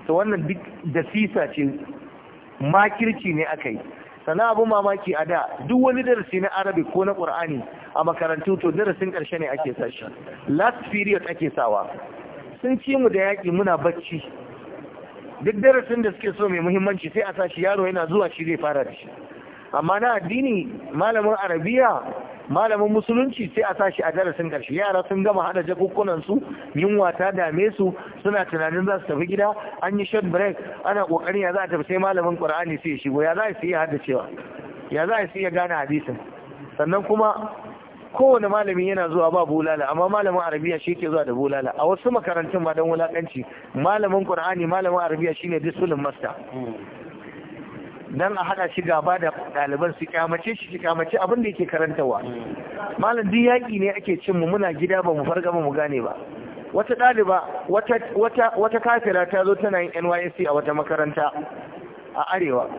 to wannan duk da sisa ce makirci ne aka yi sana abu mamaki a da duk wani darasi na Arabi ko na ƙur'ani a makarantu to darasin ƙarshe ne ake sa shi last period ake sawa sun ci mu da yaƙi muna bacci duk darasin da suke so mai muhimmanci sai a sa shi yaro yana zuwa shi zai fara da shi amma na addini malamin arabiya malamin musulunci sai a sashi a darasin ƙarshe yara sun gama hada jakukkunan su yunwa ta dame su suna tunanin za su tafi gida an yi short break ana kokarin ya za a tafi sai malamin qur'ani sai ya shigo ya za su iya cewa? ya za su iya gane hadisin sannan kuma kowane malami yana zuwa ba bulala amma malamin arabiya shi ke zuwa da bulala a wasu makarantun ma don wulakanci malamin qur'ani malamin arabiya shine disulun master dan a haɗa shi gaba da ɗaliban su kyamace shi shi kyamace abin da yake karantawa malam duk yaki ne ake cin mu muna gida ba mu farga ba mu gane ba wata ɗaliba wata kafira ta zo tana yin NYSC a wata makaranta a arewa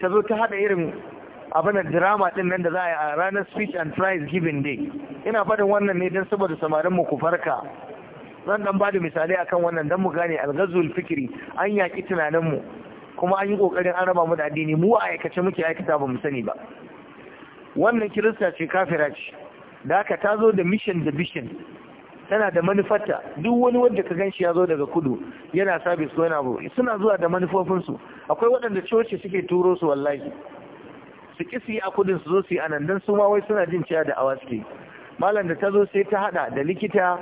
ta zo ta haɗa irin abin drama ɗin nan da za a yi a ranar speech and prize giving day ina faɗin wannan ne don saboda samarin mu ku farka zan dan ba da misalai akan wannan dan mu gane algazul fikiri an yaki tunanin mu kuma an yi kokarin an raba mu da addini mu aikace muke aikata ba mu sani ba wannan kirista ce kafira ce da haka ta zo da mission da vision tana da manufarta duk wani wanda ka ganshi ya zo daga kudu yana sabis ko yana buru suna zuwa da manufofin su akwai waɗanda coci suke turo su wallahi su kisi a kudin su zo su yi a nan su ma wai suna jin ciya da awa suke malam da ta zo sai ta hada da likita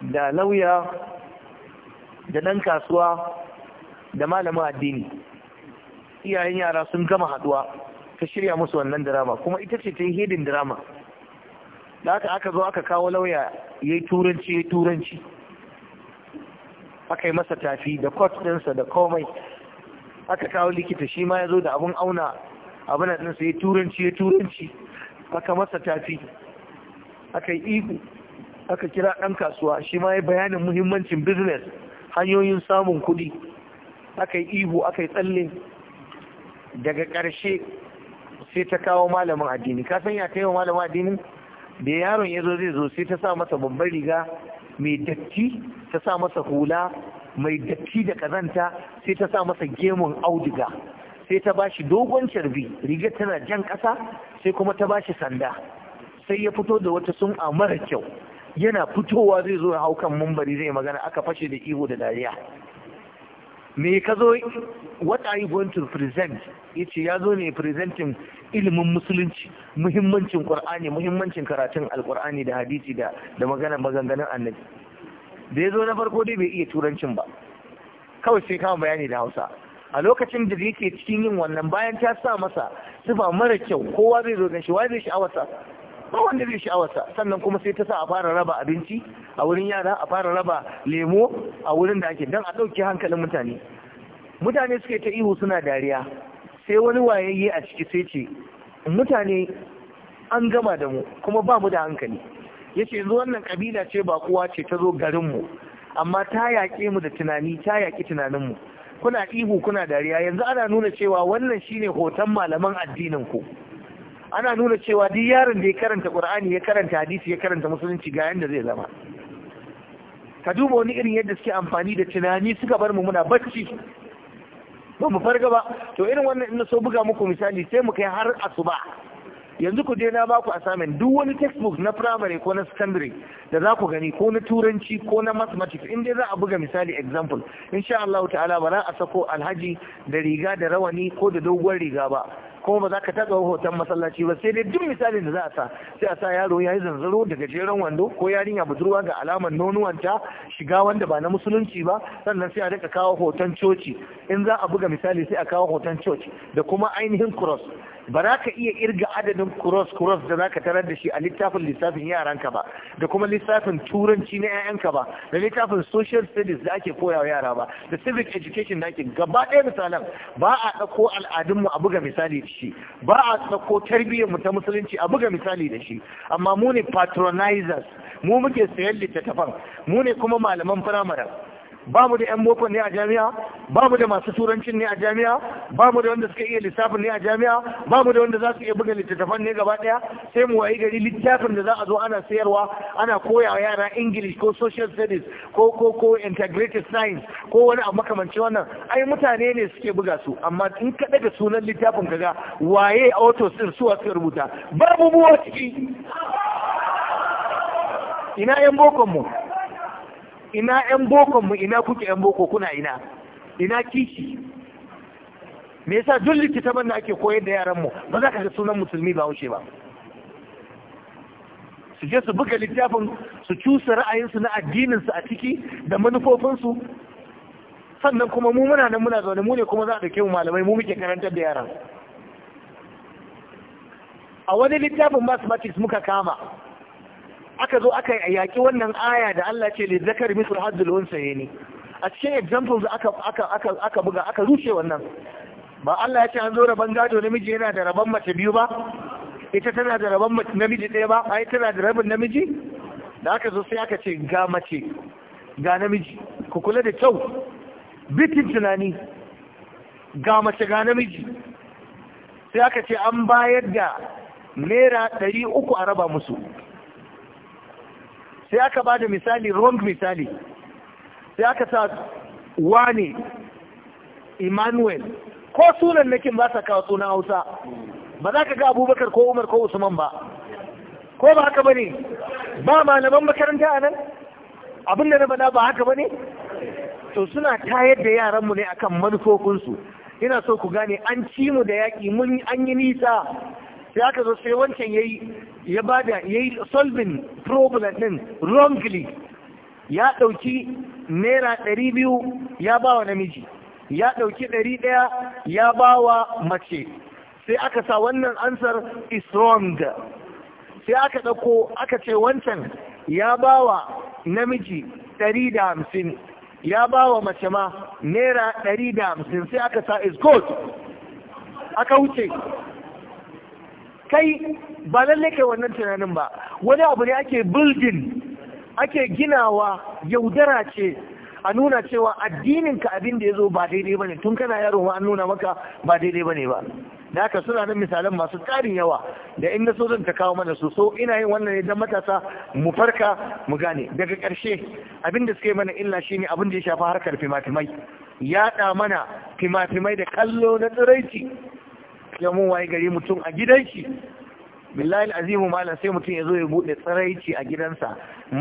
da lauya da ɗan kasuwa da malamin addini iyayen yara sun gama haduwa ta shirya musu wannan drama kuma ita ce ta yi hidin drama da aka aka zo aka kawo lauya ya yi turanci ya turanci aka yi masa tafi da kwat ɗinsa da komai aka kawo likita shi ma ya zo da abin auna abin ɗinsa ya turanci ya turanci aka masa tafi aka yi ihu aka kira ɗan kasuwa shi ma ya bayanin muhimmancin business hanyoyin samun kuɗi aka yi ihu aka yi tsalle daga ƙarshe sai ta kawo malamin addini ka san ya ta yi wa malamin addinin da yaron ya zo zai zo sai ta sa masa babbar riga mai datti ta sa masa hula mai datti da kazanta sai ta sa masa gemun auduga sai ta ba shi dogon carbi rigar tana jan ƙasa sai kuma ta ba shi sanda sai ya fito da wata a mara kyau yana fitowa zai zo ya hau kan mumbari zai magana aka fashe da ihu da dariya me ka zo what are you going to present yace ya zo ne presenting ilimin musulunci muhimmancin qur'ani muhimmancin karatun alqur'ani da hadisi da da magana maganganun annabi da ya zo na farko dai bai iya turancin ba kawai sai kama bayani da Hausa a lokacin da yake cikin yin wannan bayan ta sa masa sifa mara kyau kowa zai zo gan shi wai zai sha'awarsa ba wanda zai sha'awarsa sannan kuma sai ta sa a fara raba abinci a wurin yara a fara raba lemo a wurin da ake don a ɗauki hankalin mutane mutane suke ta ihu suna dariya sai wani wayayye a ciki sai ce mutane an gama da mu kuma ba mu da hankali ya ce yanzu wannan kabila ce ba kuwa ce ta zo garinmu amma ta yaƙe mu da tunani ta yaƙi tunaninmu kuna ihu kuna dariya yanzu ana nuna cewa wannan shine hoton malaman addinin ku ana nuna cewa duk yaron da ya karanta qur'ani ya karanta hadisi ya karanta musulunci ga yanda zai zama ka duba wani irin yadda suke amfani da tunani suka bar mu muna bacci ba mu farga ba to irin wannan in so buga muku misali sai mu kai har asuba yanzu ku je na baku assignment duk wani textbook na primary ko na secondary da za ku gani ko na turanci ko na mathematics in dai za a buga misali example insha Allah ta'ala ba za a sako alhaji da riga da rawani ko da doguwar riga ba kuma ba za ka taɓa hoton masallaci ba sai dai duk misalin da za a sa sai a sa yaro ya yi zanzaro da gajeren wando ko yarinya budurwa ga alamar nonuwanta shiga wanda ba na musulunci ba sannan sai a rika kawo hoton coci in za a buga misali sai a kawo hoton coci da kuma ainihin cross ba za ka iya irga adadin cross-cross da za ka tarar da shi a littafin lissafin yaranka ba da kuma lissafin turanci na 'ya'yanka ba da littafin social studies da ake koya wa yara ba da civic education da ake gaba ɗaya misalan ba a ɗauko al'adunmu a buga misali da shi ba a ɗauko tarbiyyarmu ta musulunci a buga misali da shi amma mu ne patronizers mu muke sayan littattafan mu ne kuma malaman firamare ba da 'yan boko ne a jami'a ba da masu turancin ne a jami'a ba mu da wanda suka iya lissafin ne a jami'a babu mu da wanda za su iya buga littattafan ne gaba ɗaya sai mu wayi gari littafin da za a zo ana sayarwa ana koya wa yara english ko social studies ko ko ko integrated science ko wani abu makamanci wannan ai mutane ne suke buga su amma in ka daga sunan littafin kaga waye autos din suwa suka rubuta babu buwa ciki ina yan bokon mu ina ‘yan bokonmu ina kuke ‘yan boko kuna ina ina kishi me yasa duk likitaban da ake koyar da yaran mu, ba za ka ga sunan musulmi ba haushe ba su je su buga littafin su cusa ra'ayinsu na addininsu a ciki da manufofinsu sannan kuma mu muna nan muna zaune mu ne kuma za a dauke mu malamai mu muke karantar da yaran a wani littafin mathematics muka kama aka zo aka yaƙi wannan aya da Allah ce li zakar misal hadzul unsayni a cikin examples aka aka aka aka buga aka rushe wannan ba Allah ya ce an zo rabon gado namiji yana da rabon mace biyu ba ita tana da rabon namiji ɗaya ba ai tana da rabin namiji da aka zo sai aka ce ga mace ga namiji ku kula da kyau bitin tunani ga mace ga namiji sai aka ce an bayar da naira ɗari uku a raba musu sai aka ba da misali wrong misali sai aka sa ne, emmanuel ko sunan nakin ba sa kawo sunan hausa ba za ka ga abubakar ko umar ko usman ba ko ba haka ba ne ba malaman makaranta a nan abin da na bana ba haka ba to suna tayar da yaranmu ne akan manufofinsu ina so ku gane an ci mu da yaƙi mun an yi nisa sai aka zo sai wancan yayi ya bada yayi solvin problem ɗin wrongly ya ɗauki naira ɗari biyu ya ba wa namiji ya ɗauki ɗari ɗaya ya ba wa mace sai aka sa wannan ansar is wrong sai aka ɗauko aka ce wancan ya ba wa namiji ɗari da hamsin ya ba wa mace ma naira ɗari da hamsin sai aka sa is good aka wuce kai ba lalle kai wannan tunanin ba wani abu ne ake building ake ginawa yaudara ce a nuna cewa addinin ka abin da ya zo ba daidai bane tun kana yaro ma an nuna maka ba daidai bane ba da haka suna nan misalan masu ƙarin yawa da in na so zan ta kawo mana su so ina yin wannan ne don matasa mu farka mu gane daga ƙarshe abin da suka yi mana illa shine abin da ya shafa harkar fimatimai ya yaɗa mana fimatimai da kallo na tsiraici ya mun waye gari mutum a gidan shi billahi azimu malam sai mutum ya zo ya bude tsaraici a gidansa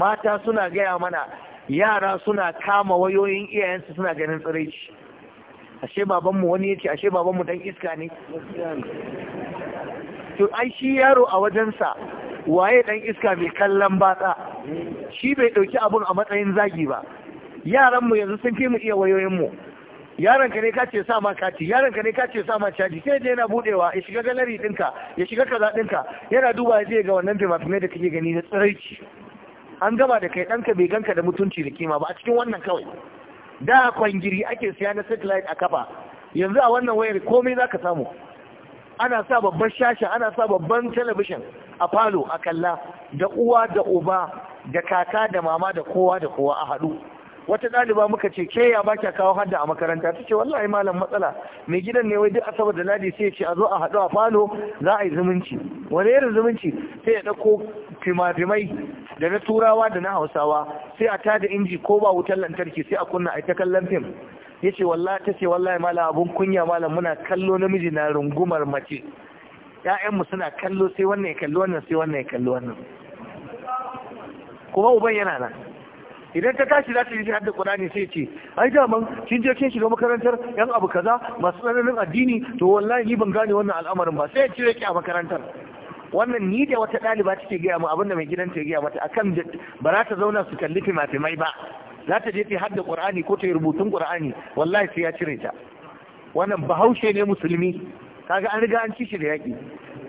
mata suna gaya mana yara suna kama wayoyin iyayensu suna ganin tsaraici ashe babanmu wani yace ashe babanmu dan iska ne to ai shi yaro a wajensa waye dan iska mai kallon batsa shi bai dauki abun a matsayin zagi ba yaranmu yanzu sun fi mu iya wayoyinmu yaron ka ne ka ce sa ma kati yaron ka ne ka ce sa ma caji sai dai yana budewa ya shiga galeri dinka ya shiga kaza dinka yana duba ya je ga wannan fimafimai da kake gani na tsiraici an gaba da kai 'Danka bai ganka da mutunci da kima ba a cikin wannan kawai da kwangiri ake siya na satellite a kafa yanzu a wannan wayar komai za ka samu ana sa babban shasha ana sa babban talabishin a falo a kalla da uwa da uba da kaka da mama da kowa da kowa a haɗu wata ɗaliba muka ce ke ya baki kya kawo hadda a makaranta ta ce wallahi malam matsala mai gidan ne wai duk asabar da ladi sai ce a zo a haɗu a falo za a yi zumunci wani irin zumunci sai ya ɗauko fimafimai da na turawa da na hausawa sai a tada inji ko ba wutar lantarki sai a kunna a ta kallon fim ya ce wallahi ta ce wallahi malam abun kunya malam muna kallo namiji na rungumar mace ‘ya'yanmu suna kallo sai wannan ya kallo wannan sai wannan ya kalli wannan kuma uban yana nan idan ta tashi za ta yi hadda Qur'ani sai ce ai daman kin je kin shiga makarantar yan abu kaza masu tsananin addini to wallahi ni ban gane wannan al'amarin ba sai ya cire ki a makarantar wannan ni da wata ɗaliba take gaya mu abinda mai gidanta ya gaya mata akan ba za ta zauna su kalli fimafimai ba za ta je ta hadda Qur'ani ko ta yi rubutun Qur'ani wallahi sai ya cire ta wannan bahaushe ne musulmi kaga an riga an ci shi da yaƙi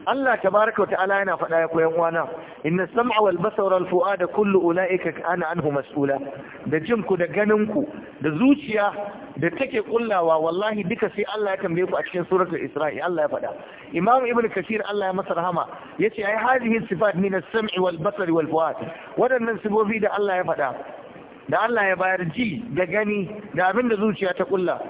Allah tabaraka ta'ala yana faɗa ya koyan wana inna sam'a wal basara wal fu'ada kullu ulaika ana anhu mas'ula da jin ku da ganin ku da zuciya da take kullawa wallahi duka sai Allah ya tambaye ku a cikin suratul Isra'i Allah ya faɗa Imam Ibn Kathir Allah ya masa rahama yace ai hadhihi sifat min as-sam'i wal basari wal fu'ad wadannan sibobi da Allah ya faɗa da Allah ya bayar ji da gani da abin da zuciya ta kulla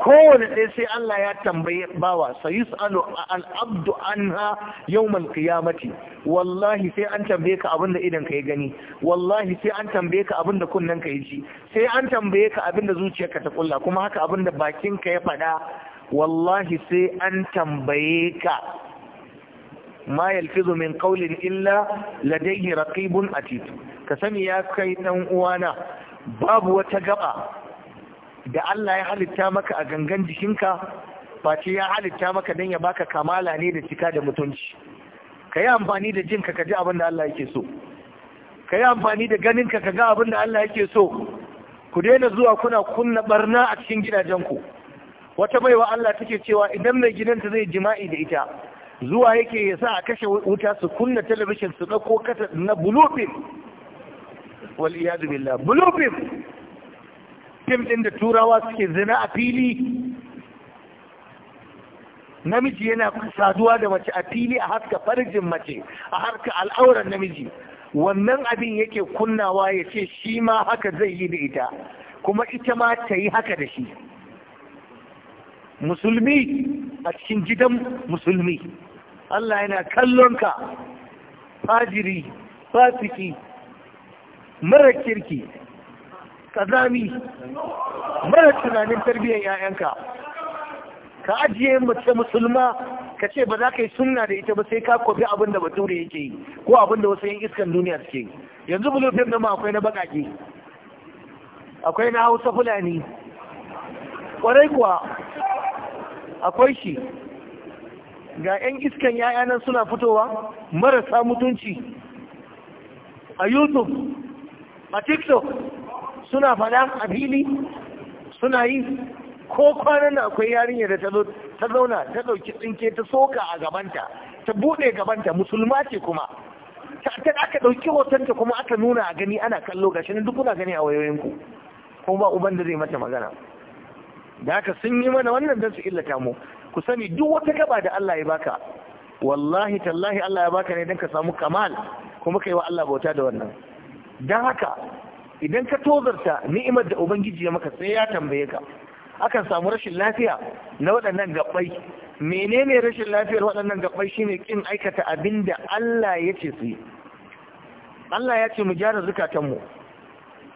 kowane ɗaya sai Allah ya tambaye bawa sayi sayus'alu al-abdu anha yawmal qiyamati wallahi sai an tambaye ka abin da idan ka yi gani wallahi sai an tambaye ka abin da kunnen ka yi ji sai an tambaye ka abin da zuciyarka ta kulla kuma haka abin da bakin ka ya faɗa wallahi sai an tambaye ka ma yalfizu min qawlin illa ladayhi raqibun atid ka sani ya kai ɗan uwana babu wata gaba da Allah ya halitta maka a gangan jikinka ce ya halitta maka don ya baka kamala ne da cika da mutunci ka yi amfani da jinka ka ji abin da Allah yake so ka yi amfani da ganinka ka ga abin da Allah yake so ku daina zuwa kuna kunna barna a cikin gidajenku wata baiwa Allah take cewa idan mai gidanta zai jima'i da ita zuwa yake ya sa a kashe wuta su kunna talabishin su ɗauko kasa na bulufin wal iyadu billah bulufin fim ɗin da turawa suke zina a fili namiji yana saduwa da mace a fili a haska farjin mace a harka al'auran namiji wannan abin yake kunnawa ya ce shi ma haka zai yi da ita kuma ita ma ta yi haka da shi musulmi a cikin gidan musulmi Allah yana ka, fajiri fasiki mara kirki zami mara tunanin tarbiyyar 'ya'yanka ka ajiye mace musulma ka ce ba za ka yi sunna da ita ba sai ka kofi abinda da bature yake yi ko abinda wasu yin iskan duniya suke yanzu bulufin da ma akwai na bakaki akwai na hausa fulani kwarai kuwa akwai shi ga 'yan iskan yaya nan suna fitowa marasa mutunci a youtube a tiktok suna faɗa a fili suna yi ko kwanan da akwai yarinya da ta zauna ta ɗauki tsinke ta soka a gabanta ta buɗe gabanta musulma ce kuma ta aka ɗauki hotonta kuma aka nuna a gani ana kallo gashi na duk kuna gani a wayoyinku kuma ba uban da zai mata magana da haka sun yi mana wannan dan su illata mu ku sani duk wata gaba da Allah ya baka wallahi tallahi Allah ya baka ne dan ka samu kamal kuma kai wa Allah bauta da wannan dan haka idan ka tozarta ni'imar da ubangiji ya maka sai ya tambaye ka akan samu rashin lafiya na waɗannan gabbai menene rashin lafiyar waɗannan gabbai shine kin aikata abin da Allah ya ce su yi Allah ya ce mu gyara mu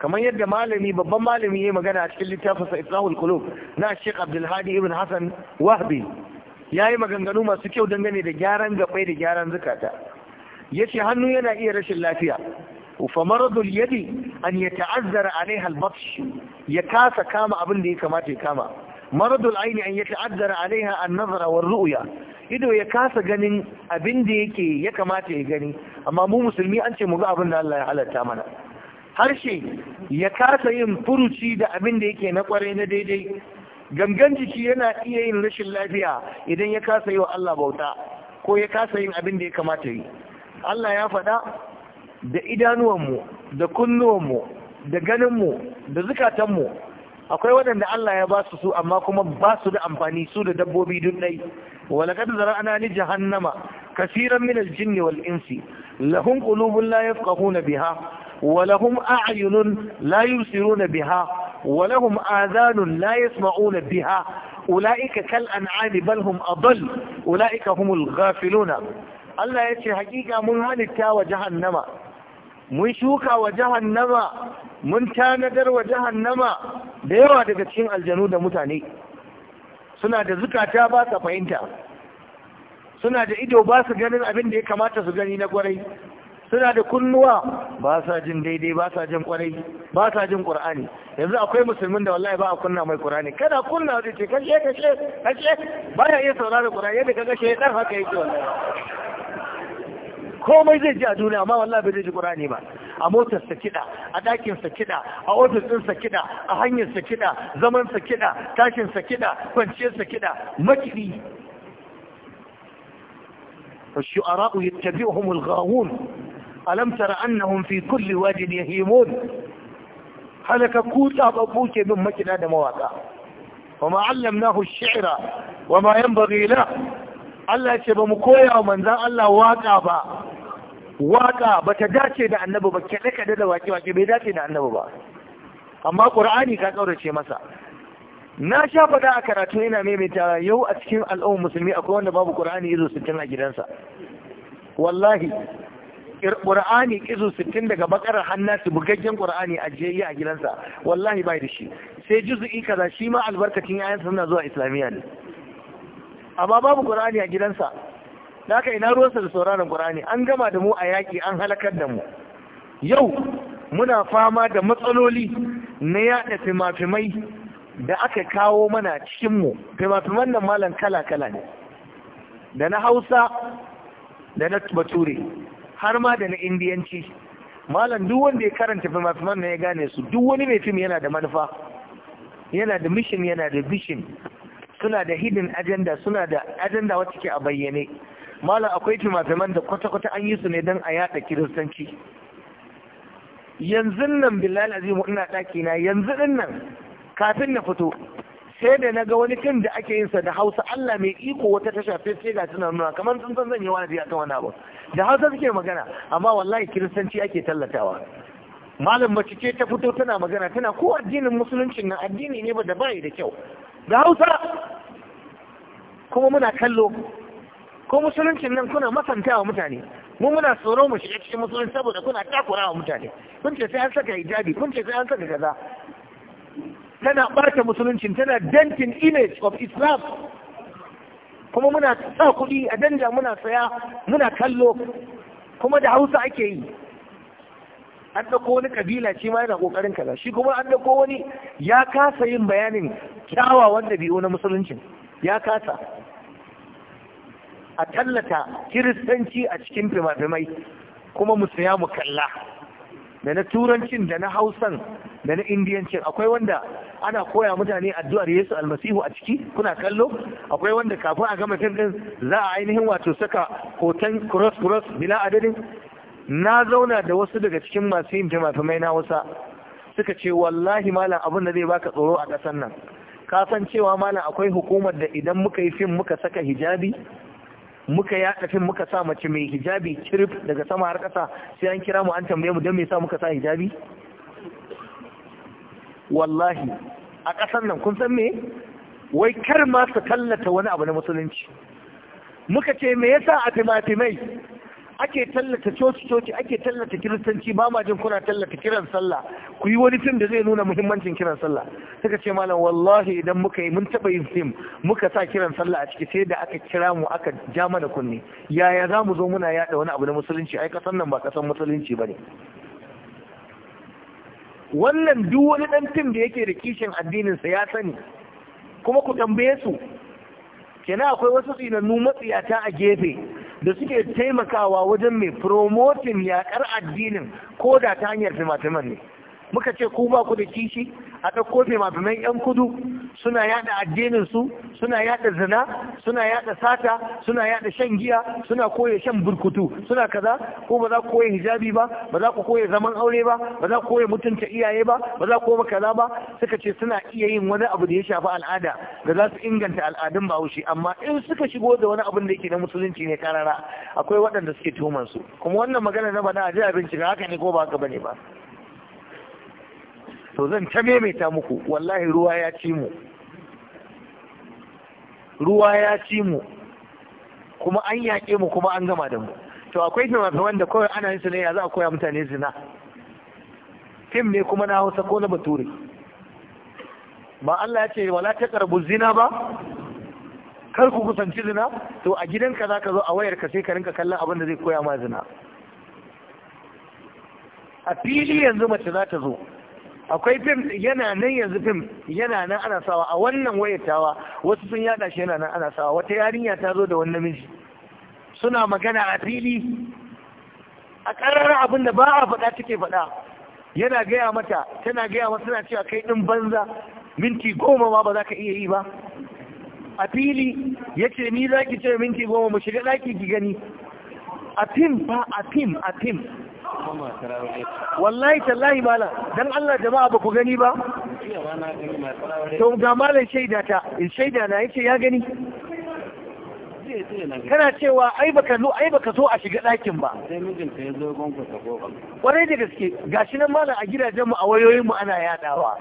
kamar yadda malami babban malami ya magana a cikin littafin sa Islahul Qulub na Sheikh Abdul Hadi ibn Hassan Wahbi yayi maganganu masu kyau dangane da gyaran gabbai da gyaran zakata yace hannu yana iya rashin lafiya فمرض اليد أن يتعذر عليها البطش يكاس كام أبن دي كما تكاما مرض العين أن يتعذر عليها النظر والرؤية ido ya kasa ganin abin da yake ya kamata ya gani amma mu musulmi an ce mu ga abin da Allah ya halatta mana harshe ya kasa yin furuci da abin da yake na kwarai na daidai gangan jiki yana iya yin rashin lafiya idan ya kasa yi wa Allah bauta ko ya kasa yin abin da ya kamata yi Allah ya faɗa da idanuwanmu da kunnuwanmu da ganinmu da zukatanmu akwai waɗanda Allah ya ba su su amma kuma ba su da amfani su da dabbobi duk ɗai walakad zara'ana li jahannama kasiran min al-jinni wal insi lahum qulubun la yafqahuna biha wa lahum a'yunun la biha wa lahum adhanun la yasma'una biha ulaika kal an'ami bal hum adall ulaika humul ghafiluna Allah yace hakika mun halitta wa jahannama mun shuka wa jahannama mun tanadar wa jahannama da yawa daga cikin aljanu da mutane suna da zukata ba su fahimta suna da ido ba su ganin abin da ya kamata su gani na kwarai suna da kunnuwa ba sa jin daidai ba sa jin kwarai ba sa jin qur'ani yanzu akwai musulmin da wallahi ba a kunna mai qur'ani kada kunna zai ce kashe kashe kashe ba ya iya saurara qur'ani yadda kaga shaytan haka yake wallahi komai zai ji a duniya amma wallahi bai ji Qur'ani ba a motar sa kida a dakin sa kida a ofis din sa kida a hanyar sa kida zaman sa kida tashin sa kida kwanciyar sa kida makidi والشعراء يتبعهم الغاوون ألم تر أنهم في كل واد يهيمون هلك كوتا ببوك من مكنا دمواتا وما علمناه الشعر وما ينبغي له Allah ce ba mu koya wa manzan Allah waƙa ba waka ba ta dace da annabi ba kaɗe kaɗe da wake wake bai dace da annabi ba amma ƙur'ani ka ƙaurace masa na sha faɗa a karatu yana maimaita yau a cikin al'ummar musulmi akwai wanda babu ƙur'ani izo sittin a gidansa wallahi ƙur'ani izo sittin daga bakar hannatu bugaggen ƙur'ani a jiyayya a gidansa wallahi bai da shi sai juzu'i kaza shi ma albarkacin yayansa suna zuwa islamiyya ne amma babu ƙur'ani a gidansa da ina ruwansa da sauraron ƙur'ani? an gama da mu a yaki an halakar da mu yau muna fama da matsaloli na yaɗa fimafimai da aka kawo mana cikinmu. fimafiman nan malam kala kala ne da na Hausa da na Bature har ma da na Indiyanci malam duk wanda ya karanta fimafiman na ya gane su duk wani mai fim yana da manufa yana da mission yana da vision suna da hidden agenda suna da agenda wacce ke a bayyane mala akwai fimafiman da kwata-kwata an yi su ne don a yada kiristanci yanzu nan bilal azimu ina daki na yanzu nan kafin na fito sai da na ga wani kin da ake yin sa da hausa Allah mai iko wata tasha sai sai ga tunan nuna kamar sun san zanyi wani ta wani abu da hausa suke magana amma wallahi kiristanci ake tallatawa malam mace ce ta fito tana magana tana ko addinin musuluncin na addini ne ba da bai da kyau da hausa kuma muna kallo ko musuluncin nan kuna wa mutane mu muna tsoro mu shiga cikin musulunci saboda kuna takura wa mutane kun ce sai an saka hijabi kun ce sai an saka kaza tana ɓata musuluncin tana dentin image of islam kuma muna sa kuɗi a danja muna saya muna kallo kuma da hausa ake yi an ɗauko wani ƙabila shi ma yana ƙoƙarin kaza shi kuma an ɗauko wani ya kasa yin bayanin kyawawan ɗabi'u na musuluncin ya kasa a tallata kiristanci a cikin fimafimai kuma mu saya mu kalla da na turancin da na hausan da na indiyancin akwai wanda ana koya mutane addu'ar yesu almasihu a ciki kuna kallo akwai wanda kafin a gama fim za a ainihin wato saka hoton cross cross bila adadin na zauna da wasu daga cikin masu yin fimafimai na wasa suka ce wallahi malam abin da zai baka tsoro a ƙasar nan ka san cewa malam akwai hukumar da idan muka yi fim muka saka hijabi muka yaɗa fim muka sa mace mai hijabi kirif daga sama har kasa sai an kira mu an tambaye mu don me sa muka sa hijabi wallahi a ƙasar nan kun san me wai kar ma su tallata wani abu na musulunci muka ce me yasa a fimafimai ake tallata coci-coci ake tallata kiristanci ba ma jin kuna tallata kiran sallah ku yi wani fim da zai nuna muhimmancin kiran sallah suka ce malam wallahi idan muka yi mun taɓa yin fim muka sa kiran sallah a ciki sai da aka kira mu aka ja mana kunne yaya za mu zo muna yaɗa wani abu na musulunci ai kasan nan ba kasan musulunci ba ne wannan duk wani dan fim da yake da kishin addinin sa ya sani kuma ku tambaye su kenan akwai wasu tsinannu matsiyata a gefe da suke taimakawa wajen mai promotin yaƙar addinin ko da ta hanyar fimatiman ne muka ce ku ba ku da kishi a ɗauko fimafiman 'yan kudu suna yada addininsu suna yada zina suna yada sata suna yada shan giya suna koya shan burkutu suna kaza ko ba za ku koya hijabi ba ba za ku koya zaman aure ba ba za ku koya mutunta iyaye ba ba za ku koya kaza ba suka ce suna iya yin wani abu da ya shafi al'ada da za su inganta al'adun bahaushe amma in suka shigo da wani abin da yake na musulunci ne karara akwai waɗanda suke tuhumar su kuma wannan magana na bana a ji abinci haka ne ko ba haka bane ba to zan ta maimaita muku wallahi ruwa ya ci mu ruwa ya ci mu kuma an yaƙe mu kuma an gama da mu to akwai fim da kawai ana yin su za a koya mutane zina fim ne kuma na hausa ko na bature ba Allah ya ce wala ta karbu zina ba kar ku kusanci zina to a gidanka za ka zo a wayarka sai ka rinka kallon abin da zai koya ma zina a fili yanzu mace za ta zo akwai fim yana nan yanzu fim yana nan ana sawa a wannan wayatawa wasu sun yada shi yana nan ana sawa wata yarinya ta zo da wani namiji suna magana a fili a karar abin da ba a faɗa take faɗa yana gaya mata tana gaya mata tana cewa kai ɗin banza minti goma ma ba za ka iya yi ba a fili ya ce ni za ki ce minti goma mu shiga ɗaki ki gani a fim ba a fim a fim wallahi tallahi mala dan Allah jama'a ba ku gani ba to ga malam shaida ta in eh, shaida na yace ya gani kana cewa ai baka zo ai baka so a shiga ɗakin ba sai mijinka ya zo ta kokon kwarai da gaske gashi nan malam a gidajen mu a wayoyin mu ana yadawa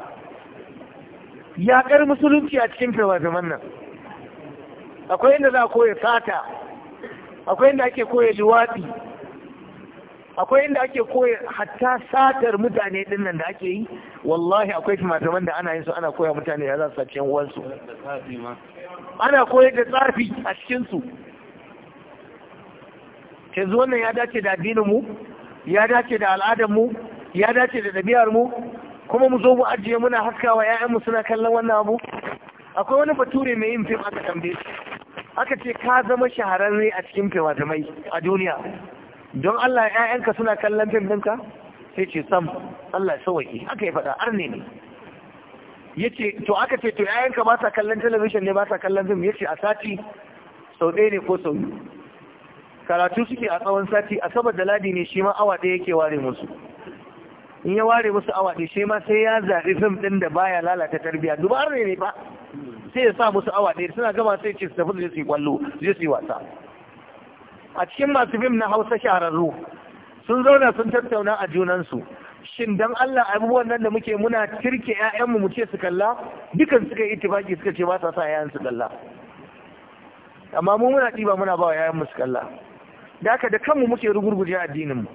yaƙar musulunci a cikin firmazaman nan akwai inda za a koya sata akwai inda ake koya liwaɗi akwai inda ake koya hatta satar mutane din nan da ake yi wallahi akwai tumataman da ana yin su ana koya mutane da za su sace wansu ana koya da tsafi a cikinsu. su yanzu wannan ya dace da addinin mu ya dace da al'adar mu ya dace da dabi'armu kuma mu zo mu ajiye muna haskawa 'ya'yanmu suna kallon wannan abu akwai wani bature mai yin fim aka tambaye aka ce ka zama shahararre a cikin fim a duniya don Allah ‘ya'yanka suna kallon fim ɗinka? sai ce sam Allah sawaki aka yi faɗa arne ne ya ce to aka ce to ‘ya'yanka ba sa kallon telebishin ne ba sa kallon fim ya ce a sati sau ɗaya ne ko sau karatu suke a tsawon sati a saboda ladi ne shi ma awa ɗaya yake ware musu in ya ware musu awa ɗaya shi ma sai ya zaɓi fim ɗin da baya lalata tarbiyya duba arne ne ba sai ya sa musu awa ɗaya suna gama sai ce su tafi su yi kwallo su yi wasa a cikin masu fim na hausa shahararru sun zauna sun tattauna a junansu shin dan Allah abubuwan nan da muke muna tirke ƴaƴanmu mu ce su kalla dukan suka yi ittifaki suka ce ba sa sa ƴaƴan su kalla amma mu muna ɗiba muna ba wa ƴaƴan mu su kalla da haka da kanmu muke rugurguje addinin mu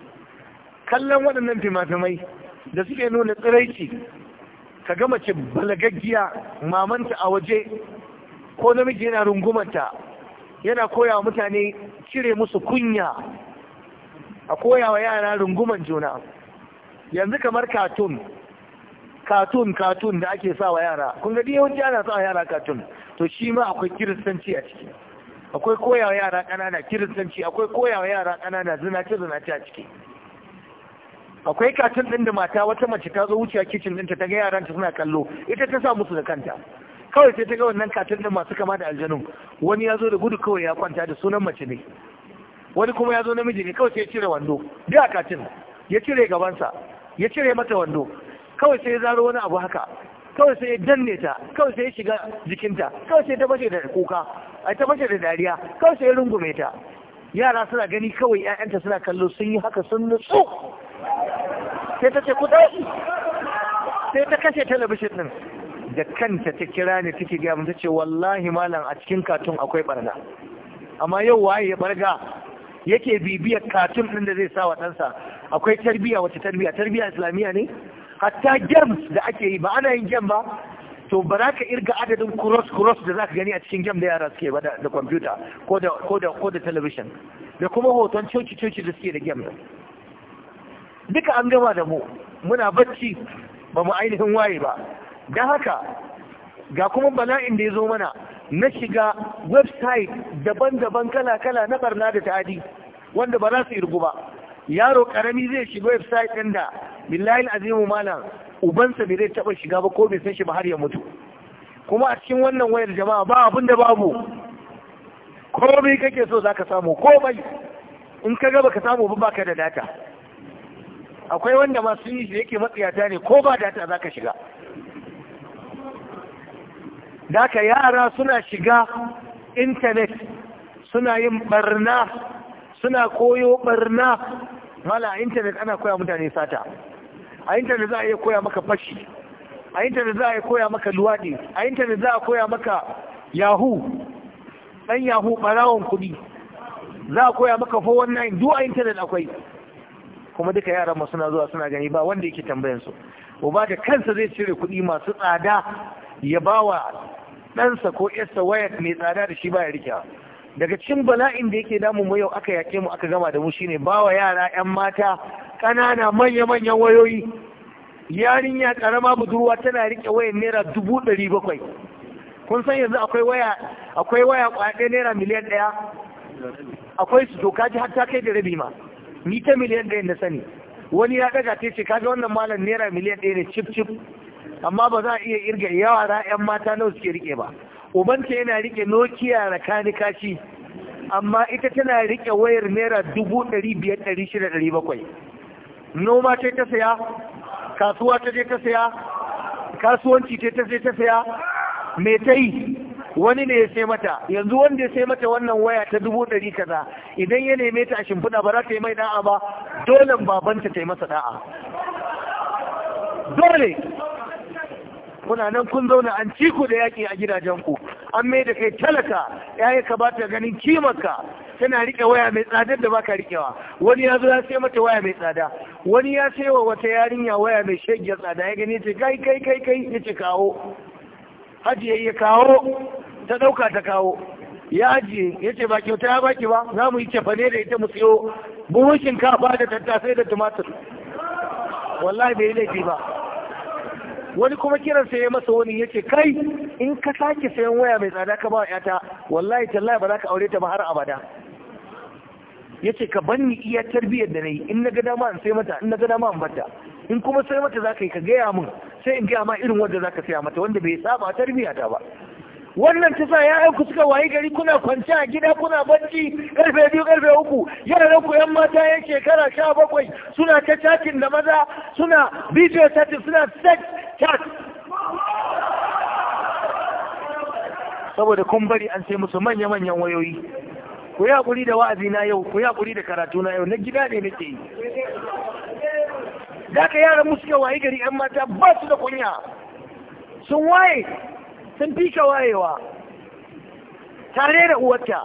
kallon waɗannan fimafimai da suke nuna tsiraici ka ga mace balagaggiya mamanta a waje ko namiji yana rungumanta yana koya wa mutane cire musu kunya a koya wa yara runguman juna yanzu kamar katun katun katun da ake sa wa yara kun ga yawanci ana sa wa yara katun to shi ma akwai kiristanci a ciki akwai koya wa yara ƙanana kiristanci akwai koya wa yara ƙanana zinace zinace a ciki akwai katun ɗin da mata wata mace ta zo wuce a kicin ɗinta ta ga yaranta suna kallo ita ta sa musu da kanta kawai sai ta ga wannan katin da masu kama da aljanun wani ya zo da gudu kawai ya kwanta da sunan mace ne wani kuma ya zo namiji ne kawai sai ya cire wando biya katin ya cire gabansa ya cire mata wando kawai sai ya zaro wani abu haka kawai sai ya danne ta kawai sai ya shiga jikinta kawai sai ta bace da kuka ai ta bace da dariya kawai sai ya rungume ta yara suna gani kawai ƴaƴanta suna kallo sun yi haka sun nutsu sai ta ce kudai sai ta kashe talabishin din da kanta ta kira ne take gaya mun tace wallahi malam a cikin katun akwai barna amma yau waye ya barga yake bibiyar katun din da zai sa wa ɗansa akwai tarbiyya wacce tarbiyya tarbiyya islamiyya ne hatta gems da ake yi ba ana yin gem ba to ba za ka irga adadin cross cross da za ka gani a cikin gem da yara suke ba da kwamfuta ko da ko da ko da television da kuma hoton coci coci da suke da gem duka an gama da mu muna bacci ba mu ainihin waye ba Da haka ga kuma bala'in da ya zo mana na shiga website daban-daban kala-kala na barna da ta'adi wanda ba za su irgu ba yaro karami zai shiga website ɗin da billahi azimu malam ubansa bai zai taɓa shiga ba ko bai san shi ba har ya mutu kuma a cikin wannan wayar jama'a ba abin da babu komai kake so za ka samu ko bai in ka gaba ka samu ba ka da data akwai wanda masu yi yake matsiyata ne ko ba data za ka shiga Daka yara suna shiga intanet suna yin barna suna koyo barna mala a intanet ana koya mutane sata a intanet za a iya koya maka fashi a intanet za a iya koya maka luwaɗi a intanet za a koya maka yahoo ɗan yahoo ɓarawon kuɗi za a koya maka 419 duk a intanet akwai kuma duka yaran masu na zuwa suna gani ba wanda yake tambayansu ba da kansa zai cire kuɗi masu tsada ya ba wa ɗansa ko yarsa waya mai tsada da shi baya rikewa daga cikin bala'in da yake damun mu yau aka yake mu aka gama da mu shine wa yara yan mata ƙanana manya-manyan wayoyi yarinya karama budurwa tana rike wayar naira dubu ɗari bakwai kun san yanzu akwai waya akwai waya kwaɗe naira miliyan ɗaya akwai su to kaji har ta kai da rabi ma ni ta miliyan ɗaya na sani wani ya ɗaga ta ce kaga wannan malam naira miliyan ɗaya ne cip cip amma ba za a iya irga na 'yan mata nawa suke rike ba ubanta yana rike nokia na kashi, amma ita tana rike wayar naira dubu ɗari biyar ɗari shida ɗari bakwai noma ce ta saya kasuwa ta je ta saya kasuwanci ce ta je ta saya me ta yi wani ne ya sai mata yanzu wanda ya sai mata wannan waya ta dubu ɗari kaza idan ya neme ta a shimfiɗa ba za ta yi mai da'a ba dole babanta ta yi masa da'a dole kuna nan kun zauna an ci ku da yaƙi a gidajenku an mai da kai talaka ya yi kabata ganin kimarka tana rike waya mai tsada da baka rikewa wani ya zo ya sai mata waya mai tsada wani ya sai wa wata yarinya waya mai shagiyar tsada ya gani ce kai kai kai kai ya ce kawo haji ya kawo ta ɗauka ta kawo ya ajiye ya ce ba kyauta ya baki ba za mu yi cefane da ita mu siyo buhun shinkafa da tattasai da tumatir wallahi bai laifi ba wani kuma kiran sai ya masa wani yace kai in ka sake sayan waya mai tsada ka ba yata wallahi tallahi ba za ka aure ta ba har abada yace ka ni iya tarbiyyar da nayi in na gada dama in sai mata in na gada dama in bata in kuma sai mata za ka yi ka gaya min sai in gaya ma irin wanda za ka saya mata wanda bai saba tarbiyyata ta ba wannan ta sa ya'yanku suka wayi gari kuna kwanci a gida kuna barci karfe biyu karfe uku Yaranku ku yan mata yan shekara sha bakwai suna ta chatin da maza suna video chatting suna sex chat saboda kun bari an sai musu manya-manyan wayoyi ku yi haƙuri da wa'azi na yau ku yi haƙuri da karatu na yau na gida ne nake yi da ka yaran musu suka wayi gari yan mata ba su da kunya sun waye sun fi kawayewa wayewa tare da uwarta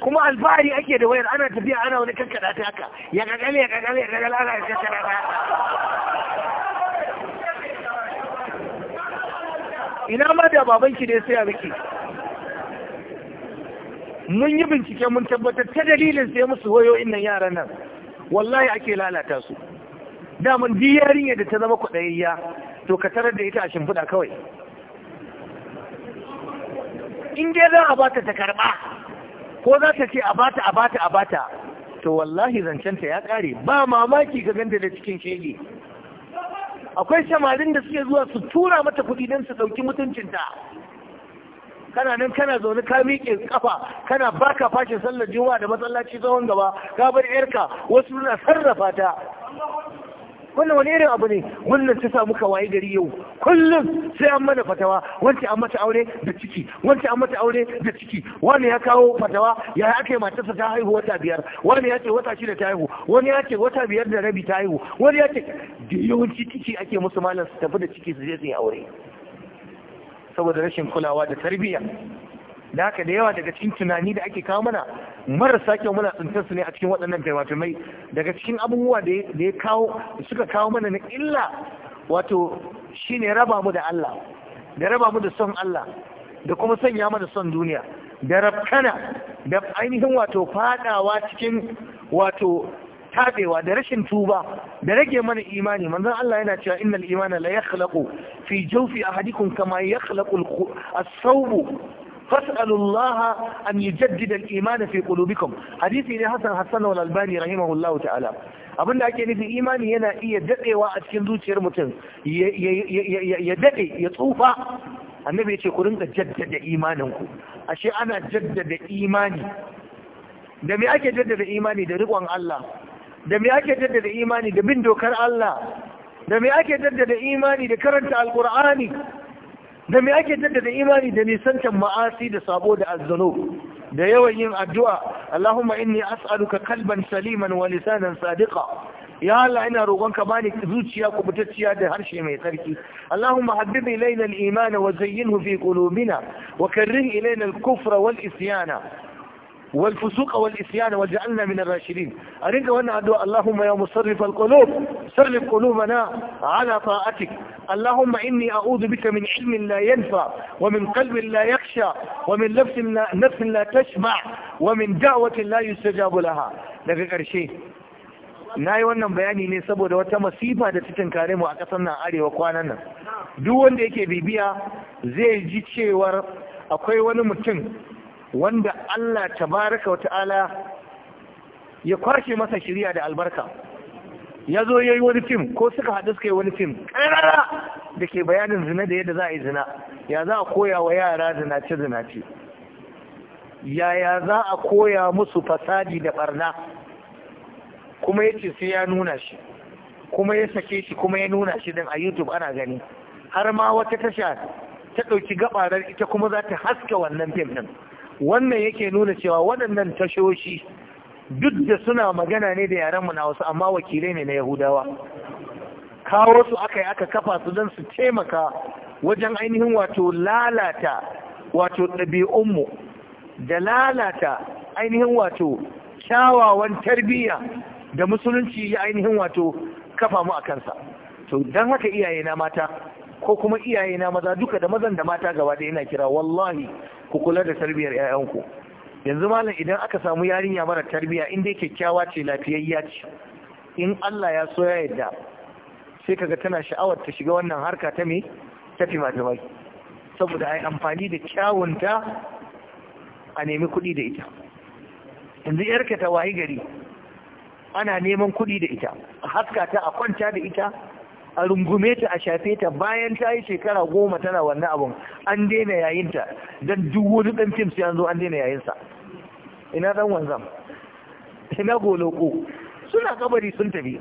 kuma alfahari ake da wayar ana tafiya ana wani kankada ta haka ya kakale ya kakale ya kakale ana kankaɗa ta ina ma da babanki ne sai ya miki mun yi bincike mun tabbatar ta dalilin sai musu wayoyin nan yaran nan wallahi ake lalata su daman mun yarinyar da ta zama kwaɗayayya to ka tarar da ita a shimfiɗa kawai in dai za a bata ta karba ko za ta ce a bata a bata a bata to wallahi zancenta ya kare ba mamaki ga ganda da cikin shege akwai samarin da suke zuwa su tura mata kuɗi don su ɗauki mutuncinta kana nan kana zaune ka miƙe kafa kana baka fashe sallar juma'a da masallaci tsawon gaba ka bar yarka wasu na sarrafa ta wannan wani irin abu ne wannan ta sa muka waye gari yau kullum sai an mana fatawa wancan an mata aure da ciki wance an mata aure da ciki wani ya kawo fatawa ya ake matarsa ta haihu wata biyar wani ya ce wata shida ta haihu wani ya ce wata biyar da rabi ta haihu wani ya ce yawanci ciki ake musu malam su tafi da ciki su je su yi aure saboda rashin kulawa da tarbiyya da haka da yawa daga cikin tunani da ake kawo mana marasa kyau muna tsintar su ne a cikin waɗannan taimakamai daga cikin abubuwa da ya kawo suka kawo mana na illa wato shine raba mu da Allah da raba mu da son Allah da kuma sanya mana son duniya da rabkana da ainihin wato fadawa cikin wato tabewa da rashin tuba da rage mana imani manzon Allah yana cewa innal imana la yakhlaqu fi jawfi ahadikum kama yakhlaqu as-sawbu فاسألوا الله أن يجدد الإيمان في قلوبكم حديثي لحسن حسن والألباني رحمه الله تعالى abin da ake nufi imani yana iya dadewa a cikin zuciyar mutum ya dade ya tsufa annabi ya ce ku rinka jaddada imaninku ashe ana jaddada imani da me ake jaddada imani da riƙon Allah da me ake jaddada imani da bin dokar Allah da me ake jaddada imani da karanta alkur'ani da me ake jaddada imani da nisantar ma'asi da sabo da azzano da yawan yin addu'a Allahumma inni as'aluka kalban saliman wa lisanan sadiqa ya Allah ina ka bani zuciya kubutacciya da harshe mai tsarki Allahumma habbib ilaina al-iman wa zayyinhu fi qulubina wa karrih ilaina al-kufra wal isyana والفسوق والإسيان وجعلنا من الراشدين أريد أن أدعو اللهم يا مصرف القلوب صرف قلوبنا على طاعتك اللهم إني أعوذ بك من علم لا ينفع ومن قلب لا يخشى ومن نفس لا, نفس لا تشبع ومن دعوة لا يستجاب لها daga ƙarshe na yi wannan bayani ne saboda wata masifa da ta tunkare mu a ƙasar nan arewa kwanan nan duk wanda yake bibiya zai ji cewar akwai wani mutum wanda Allah Ta tabaraka wata'ala ya kwashe masa shirya da albarka ya zo ya yi wani fim ko suka haɗu suka yi wani fim ƙarara da ke bayanin zina da yadda za a yi zina ya za a koya wa yara zinace zinace yaya za a koya musu fasadi da ɓarna? kuma ya ce sai ya nuna shi kuma ya sake shi kuma ya nuna shi don a youtube ana gani har ma wata tasha ta ɗauki gabarar ita kuma za ta haska wannan fim ɗin wannan yake nuna cewa waɗannan tashoshi duk da suna magana ne da yarenmu na wasu amma wakilai ne na yahudawa kawo su aka yi aka kafa su don su taimaka wajen ainihin wato lalata wato ɗabi'unmu da lalata ainihin wato kyawawan tarbiyya da musulunci ya ainihin wato kafa mu a kansa to don haka iyayena mata ko kuma iyaye maza duka da mazan da mata gaba ɗaya yana kira wallahi ku kula da tarbiyar 'ya'yanku yanzu malam idan aka samu yarinya mara tarbiyya in dai kyakkyawa ce lafiyayya ce in Allah ya so ya yadda sai kaga tana sha'awar ta shiga wannan harka ta mai ta fimafimai saboda ai amfani da kyawunta a nemi kuɗi da ita yanzu yarka ta wayi gari ana neman kuɗi da ita a haska a kwanta da ita a rungume ta a shafe ta bayan ta yi shekara goma tana wannan abun an daina yayinta don duk wani ɗan fim sai an zo an daina yayinsa ina ɗan wanzam ina goloko suna kabari sun tafi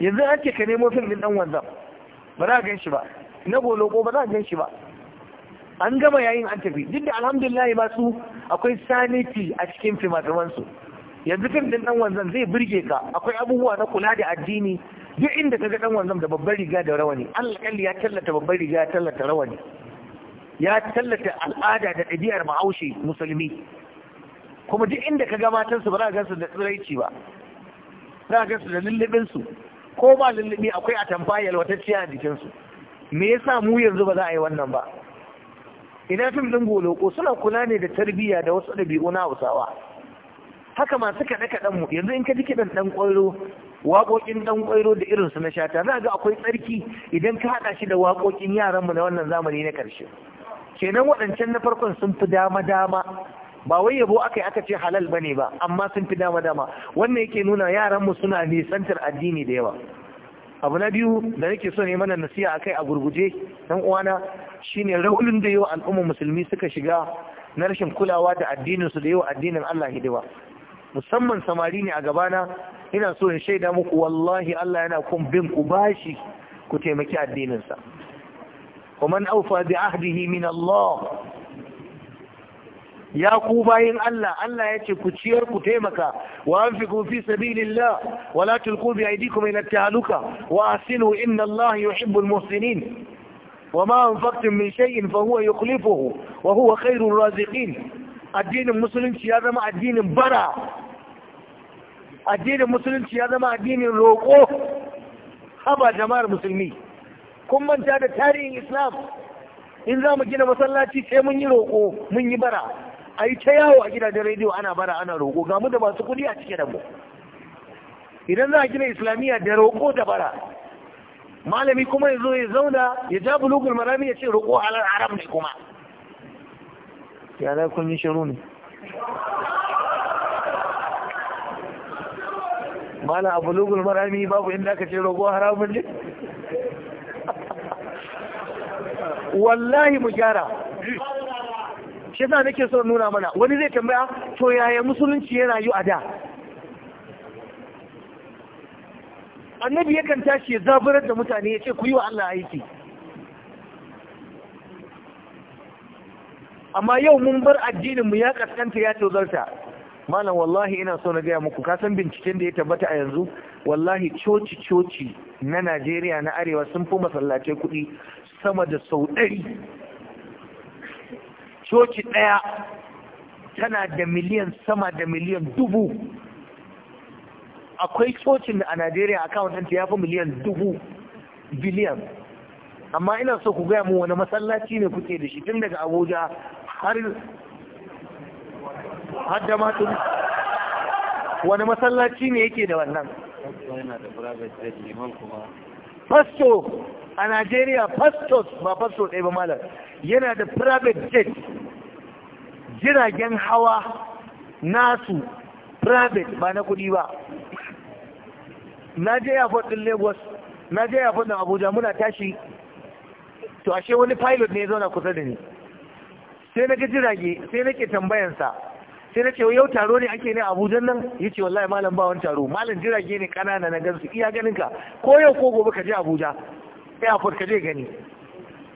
yanzu an ce ka nemo fim ɗin ɗan wanzam ba za a gan shi ba na goloko ba za a gan shi ba an gama yayin an tafi duk da alhamdulillah ba su akwai saniti a cikin fimafimansu yanzu fim ɗin ɗan wanzam zai birge ka akwai abubuwa na kula da addini duk inda ka ga dan wannan da babbar riga da rawani alƙalli ya tallata babbar riga ya tallata rawani ya tallata al'ada da ɗabi'ar bahaushe musulmi kuma duk inda ka ga matansu ba za a gansu da tsiraici ba za ka gansu da lullubinsu ko ba lullubi akwai a wata ciya a jikinsu me yasa mu yanzu ba za a yi wannan ba ina fim ɗin goloko suna kula ne da tarbiyya da wasu ɗabi'u na hausawa haka masu kaɗe kaɗan mu yanzu in ka ji kiɗan ɗan ƙwallo waƙoƙin ɗan ƙwairo da irinsu na shata za ga akwai tsarki idan ka haɗa shi da waƙoƙin yaranmu na wannan zamani na ƙarshe kenan waɗancan na farkon sun fi dama-dama ba wai yabo aka yi aka ce halal ba ne ba amma sun fi dama-dama wannan yake nuna yaranmu suna nisantar addini da yawa abu na biyu da nake so ne mana nasiya akai a gurguje ɗan uwana shine raunin da yawa al'umma musulmi suka shiga na rashin kulawa da addininsu da yawa addinin Allah hidiwa musamman samari ne a gabana ina so in shaida muku wallahi Allah yana kun bin ku bashi ku taimaki addininsa ومن أوفى بعهده من الله ya ku bayin Allah Allah ya ce ku ciyar ku taimaka wa anfiqu fi sabilillah wa la tulqu bi aydikum ila at-tahluka wa ahsinu inna Allah yuhibbul muhsinin wa ma anfaqtum min shay'in fa huwa yukhlifuhu wa huwa khairur raziqin addinin musulunci ya zama addinin bara addinin musulunci ya zama addinin roƙo haba jama'ar musulmi kun manta da tarihin islam in za mu gina masallaci sai mun yi roƙo mun yi bara a yi ta yawo a gidajen rediyo ana bara ana roƙo ga mu da masu kuɗi a cike da mu idan za a gina islamiyya da roƙo da bara malami kuma ya zo ya zauna ya ja bulugul marami ya ce roƙo halal haram ne kuma ya za kun yi shiru ne mana abu lugul marami babu inda aka ce rogo haramun ne wallahi mu gyara shi yasa nake so nuna mana wani zai tambaya to yaya musulunci yana yi a da annabi yakan tashi ya zaburar da mutane ya ce ku yi wa Allah aiki amma yau mun bar addinin mu ya kaskanta ya tozarta malam wallahi ina so na gaya muku kasan binciken da ya tabbata a yanzu wallahi coci coci na Najeriya na arewa sun fi masallace kuɗi sama da sau ɗari coci ɗaya tana da miliyan sama da miliyan dubu akwai cocin da a Najeriya akawuntanta ya fi miliyan dubu biliyan amma ina so ku gaya mu wani masallaci ne kuke da shi tun daga Abuja har da matun wani masallaci ne yake da wannan fasto a Najeriya fastos ba fasto ɗaya ba malam yana da private jet jiragen hawa nasu private ba na kuɗi ba na je lagos na je abuja muna tashi to ashe wani pilot ne ya zauna kusa da ni sai na ga jirage sai nake tambayansa sai na ce yau taro ne ake ne abuja nan ya ce wallahi malam ba wani taro malam jirage ne kanana na gansu iya ganin ka ko yau ko gobe ka je abuja airport ka je gani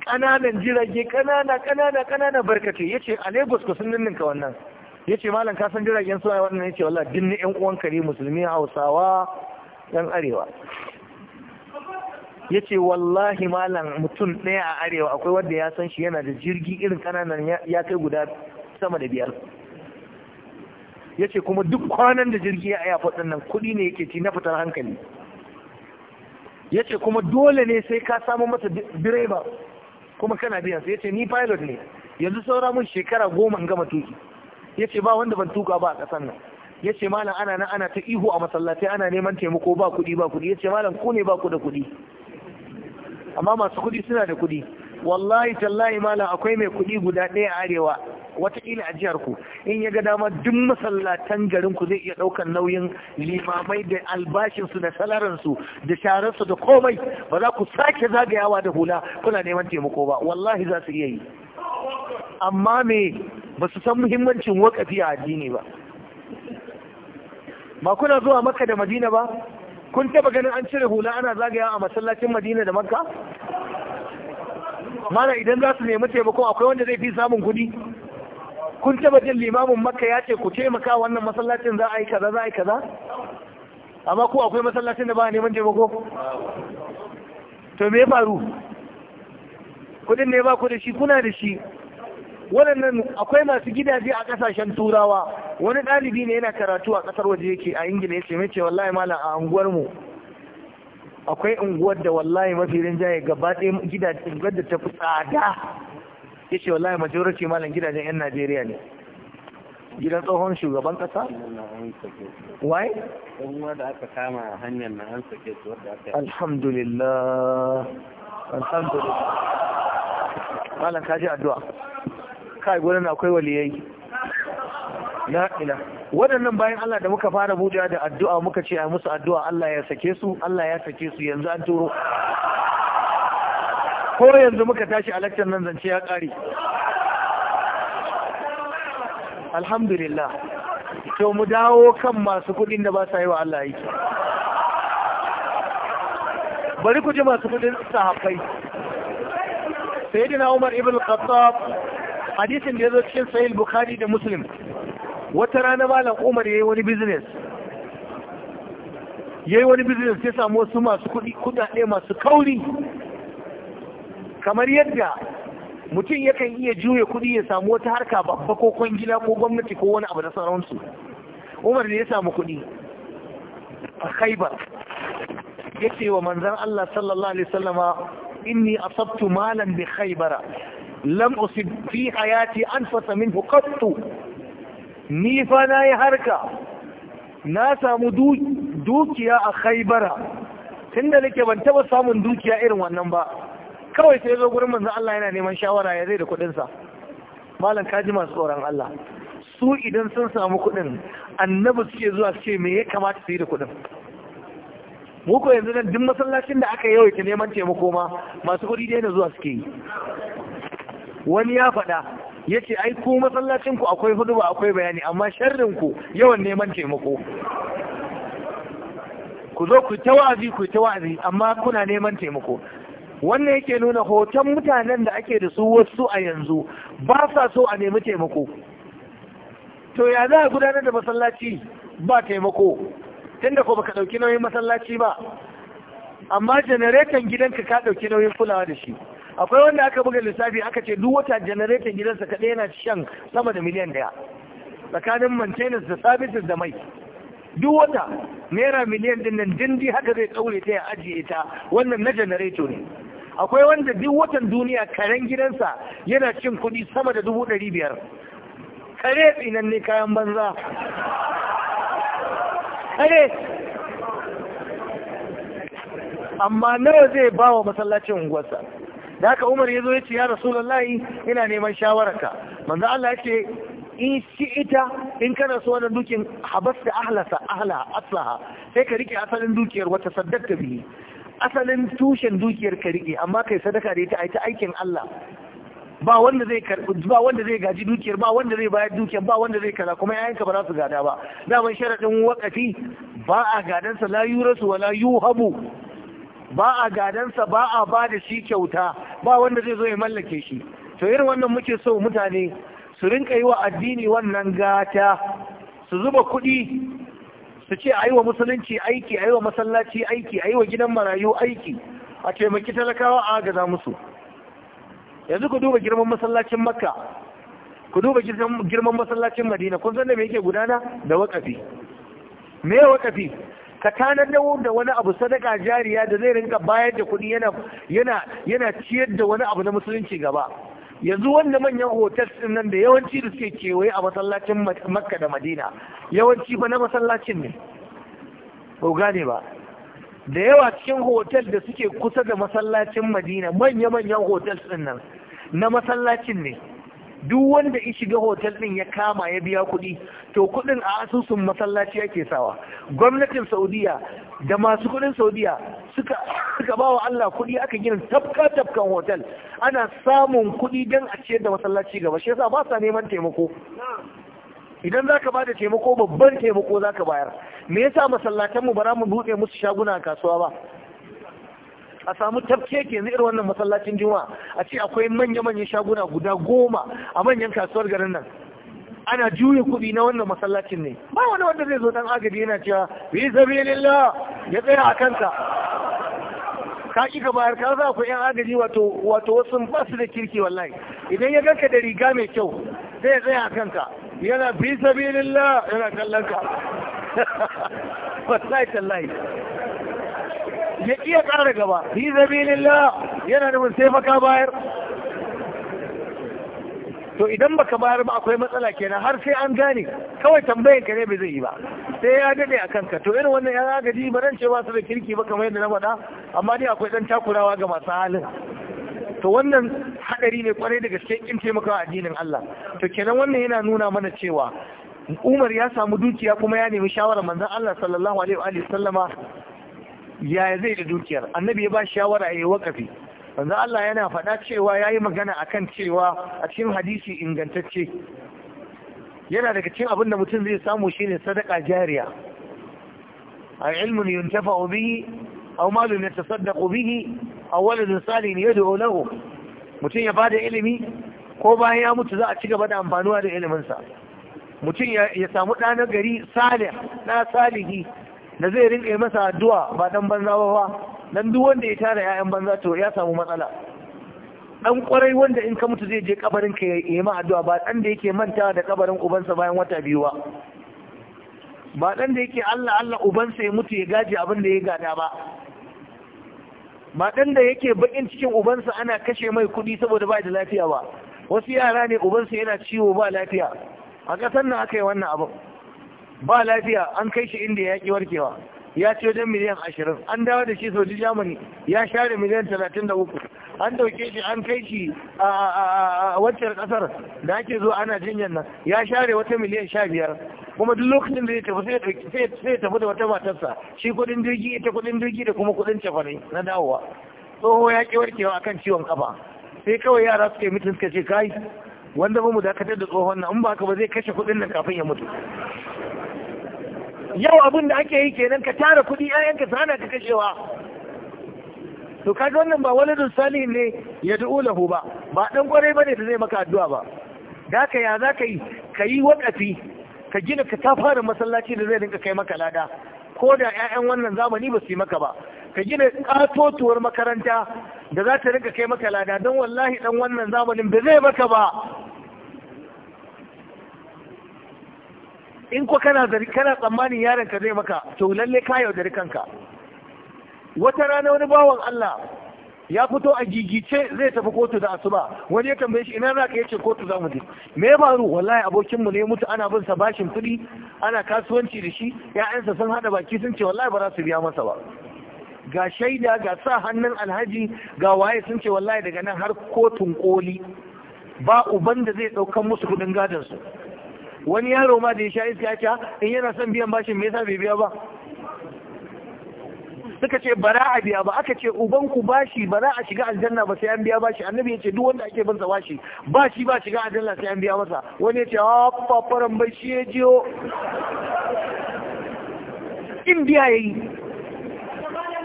kananan jirage kanana kanana kanana barkace ya ce a lagos ku sun ninninka wannan ya ce malam ka san jiragen suwaye wannan ya ce wallahi din na yan uwan kare musulmi hausawa yan arewa ya ce wallahi malam mutum ɗaya a arewa akwai wanda ya san shi yana da jirgi irin kananan ya kai guda sama da biyar ya ce kuma duk kwanan da jirgi ya aya faɗin nan kuɗi ne yake ci na fitar hankali ya ce kuma dole ne sai ka samu masa direba kuma kana biyan sai ya ce ni pilot ne yanzu saura mun shekara goma in gama tuki ya ce ba wanda ban tuka ba a kasan nan ya ce malam ana nan ana ta ihu a masallatai ana neman taimako ba kuɗi ba kuɗi ya ce malam ku ne ba ku da kuɗi amma masu kuɗi suna da kuɗi wallahi tallahi mala akwai mai kuɗi guda ɗaya a arewa wataƙila a jihar ku in ya ga dama duk masallatan garin ku zai iya ɗaukar nauyin limamai da albashinsu da salaransu da shararsu da komai ba za ku sake zagayawa da hula kuna neman taimako ba wallahi za su iya yi amma me ba su san muhimmancin wakafi a addini ba ba kuna zuwa maka da madina ba kun taba ganin an cire hula ana zagaya a masallacin madina da makka mana idan za su nemi taimako akwai wanda zai fi samun kudi kun taba jin limamin makka ya ce ku taimaka wannan masallacin za a yi kaza za a yi kaza amma ku akwai masallacin da ba a neman taimako to me ya faru kudin ne ba ku da shi kuna da shi waɗannan akwai masu gidaje a ƙasashen turawa wani ɗalibi ne yana karatu a ƙasar waje yake a ingila yace mace wallahi malam a unguwar mu akwai unguwar da wallahi mafi rinjaye gaba ɗaya gidaje unguwar da ta fi tsada Ya ce wallahi majority malam gidajen yan Najeriya ne gidan tsohon shugaban ƙasa? Wai? da aka kama hanyar na an sake su wadda aka yi. Alhamdulillah. Alhamdulillah. Malam kaji addu'a. kai gurin akwai waliyai na ina waɗannan bayan Allah da muka fara buɗewa da addu'a muka ce a musu addu'a Allah ya sake su Allah ya sake su yanzu an turo ko yanzu muka tashi a lakcin nan zance ya ƙare alhamdulillah to mu dawo kan masu kuɗin da ba sa yi wa Allah aiki bari ku ji masu kuɗin sahabbai sayyidina Umar ibn Khattab hadisin da ya zo cikin sahih bukhari da muslim wata rana malam umar yayi wani business yayi wani business ya samu wasu masu kudi kudade masu kauri kamar yadda mutum yakan iya juya kudi ya samu wata harka babba ko kwangila ko gwamnati ko wani abu da sauransu umar ne ya samu kudi a khaibar ya ce wa manzan Allah sallallahu alaihi sallama inni asabtu malan bi khaibara lam usib fi hayati anfasa minhu qattu ni fa na yi harka na samu dukiya a khaibara tunda nake ban taba samun dukiya irin wannan ba kawai sai zo gurin manzon Allah yana neman shawara ya zai da kuɗin sa malam kaji masu tsoron Allah su idan sun samu kuɗin annabi suke zuwa suke me ya kamata su yi da kuɗin mu ko yanzu nan duk masallacin da aka yawaita neman taimako ma masu kuɗi daina zuwa suke yi wani ya faɗa ya ce ai ku masallacin akwai hudu ba akwai bayani amma sharrinku yawan neman taimako ku zo ku ta wa'azi ku tawazi amma kuna neman taimako wannan yake nuna hoton mutanen da ake da su wasu a yanzu ba sa so a nemi taimako to ya za a gudanar da masallaci ba taimako tunda ko baka dauki nauyin masallaci ba amma janaretan gidanka ka dauki nauyin kulawa da shi akwai wanda aka buga lissafi aka ce duk wata generator gidansa kaɗai yana shan sama da miliyan ɗaya tsakanin maintenance da services da mai duk wata naira miliyan din nan dindi haka zai ɗaure ta ya ajiye ta wannan na janareto ne akwai wanda duk watan duniya karen gidansa yana cin kuɗi sama da dubu ɗari biyar kare tsinan ne kayan banza kare amma nawa zai bawa wa masallacin unguwarsa da haka umar ya zo ya ce ya rasulallah, ina neman shawararka manzo Allah ya ce in shi ita in kana so wannan dukin habasta ahlasa ahla aslaha sai ka rike asalin dukiyar wata saddaka bihi asalin tushen dukiyar ka rike amma kai sadaka da ita aita aikin Allah ba wanda zai karbi ba wanda zai gaji dukiyar ba wanda zai bayar dukiyar ba wanda zai kaza kuma 'ya'yanka ba za su gada ba daman sharadin wakati ba a gadan sa la yurasu wala yuhabu ba a gadansa ba a ba da shi kyauta ba wanda zai zo ya mallake shi to irin wannan muke so mutane su rinka yi wa addini wannan gata su zuba kuɗi su ce a yi wa musulunci aiki a yi wa masallaci aiki a yi wa gidan marayu aiki a taimaki talakawa a gaza musu yanzu ku duba girman masallacin makka ku duba girman masallacin madina kun san da me yake gudana da wakafi me wakafi ka tanar da da wani abu sadaka jariya da zai rinka bayar da kuɗi yana yana yana ciyar da wani abu na musulunci gaba yanzu wanda manyan hotel din nan da yawanci da suke kewaye a masallacin makka da madina yawanci ba na masallacin ne ko gane ba da yawa cikin hotel da suke kusa da masallacin madina manya-manyan hotel din nan na masallacin ne duk wanda ya shiga hotel din ya kama ya biya kuɗi to kuɗin a asusun masallaci yake sawa gwamnatin saudiya da masu kuɗin saudiya suka suka bawa Allah kuɗi aka gina tafka tafkan hotel ana samun kuɗi don a ciyar da masallaci gaba shi yasa ba sa neman taimako idan zaka ba da taimako babban taimako zaka bayar me yasa masallatanmu ba za mu buɗe musu shaguna a kasuwa ba a samu tafke ke irin wannan masallacin juma'a a ce akwai manya-manyan shaguna guda goma a manyan kasuwar garin nan ana juya kuɗi na wannan masallacin ne ba wani wanda zai zo dan agaji yana cewa bi sabilillah ya tsaya a kanka ka ki ka bayar ka za ku yan agaji wato wato wasu ba su da kirki wallahi idan ya ganka da riga mai kyau zai tsaya a kanka yana bi sabilillah yana kallon ka [LAUGHS] wallahi tallahi ya iya ƙara gaba fi sabilillah yana da sai ka bayar to idan baka bayar ba akwai matsala kenan har sai an gane kawai tambayin ka ne bai zai yi ba sai ya dade a kanka to irin wannan ya agaji ba ce ba su da kirki ba kamar yadda na faɗa amma dai akwai ɗan takurawa ga masu halin to wannan hadari ne kwarai daga gaske in taimakawa addinin Allah to kenan wannan yana nuna mana cewa Umar ya samu dukiya kuma ya nemi shawarar manzon Allah sallallahu alaihi wa sallama yaya zai da dukiyar annabi ya ba shawara ya yi wakafi manzon Allah yana faɗa cewa ya yi magana a kan cewa a cikin hadisi ingantacce yana daga cikin abin da mutum zai samu shine sadaka jariya a ilmin yuntafa bihi aw malun yatasaddaqu bihi aw waladun salih yad'u lahu mutum ya bada ilimi ko bayan ya mutu za a ci gaba da amfanuwa da iliminsa mutum ya samu ɗanar gari na salihi da zai rinƙa masa addu'a ba ɗan banza ba ba dan duk wanda ya tara 'ya'yan banza to ya samu matsala ɗan ƙwarai wanda in ka mutu zai je kabarin ka ya yi ba ɗan da yake manta da kabarin ubansa bayan wata biyu ba ba ɗan da yake Allah Allah ubansa ya mutu ya gaji abin da ya gada ba ba ɗan da yake baƙin cikin ubansa ana kashe mai kuɗi saboda ba da lafiya ba wasu yara ne ubansa yana ciwo ba lafiya a ƙasar nan aka yi wannan abin ba lafiya an kai shi inda ya ƙi warkewa ya ci wajen miliyan ashirin an dawo da shi sojin germany ya share miliyan talatin da uku an dauke shi an kai shi a wancan kasar da ake zuwa ana jinyar nan ya share wata miliyan sha biyar kuma duk lokacin da ya tafi sai tafi da wata matarsa shi kudin jirgi ita kudin jirgi da kuma kudin cefane na dawowa tsoho ya ƙi warkewa akan ciwon kafa sai kawai yara suka yi suka ce kai wanda ba mu dakatar da tsohon nan in ba ka ba zai kashe kudin nan kafin ya mutu yau abin da ake yi kenan ka tara kudi ayan ka sana ka kashewa to kaga wannan ba waladun salihin ne ya du'u lahu ba ba dan kwarai bane da zai maka addu'a ba da ka ya za ka yi ka yi wakafi ka gina ka ta fara masallaci da zai dinka kai maka lada ko da 'ya'yan wannan zamani ba su yi maka ba ka gina katotuwar makaranta da za ta rika kai maka lada don wallahi dan wannan zamanin ba zai maka ba in ko kana zari kana tsammanin yaron ka zai maka to lalle ka yaudari kanka wata rana wani bawan Allah ya fito a gigice zai tafi kotu da asuba wani ya tambaye shi ina za ka yace kotu za mu je me ya faru wallahi abokin mu ne mutu ana bin sa bashin kuɗi ana kasuwanci da shi ya'yansa sun hada baki sun ce wallahi ba za su biya masa ba ga shaida ga sa hannun alhaji ga waye sun ce wallahi daga nan har kotun koli ba uban da zai ɗaukan musu kuɗin gadon su wani yaro ma da ya sha iska ya ce in yana son biyan bashin me yasa bai biya ba suka ce bara a biya ba aka ce ubanku bashi bara a shiga aljanna ba sai an biya bashi annabi ya ce duk wanda ake bansa bashi bashi ba shiga aljanna sai an biya masa wani ya ce a fafaran bai shi ya jiyo in biya yayi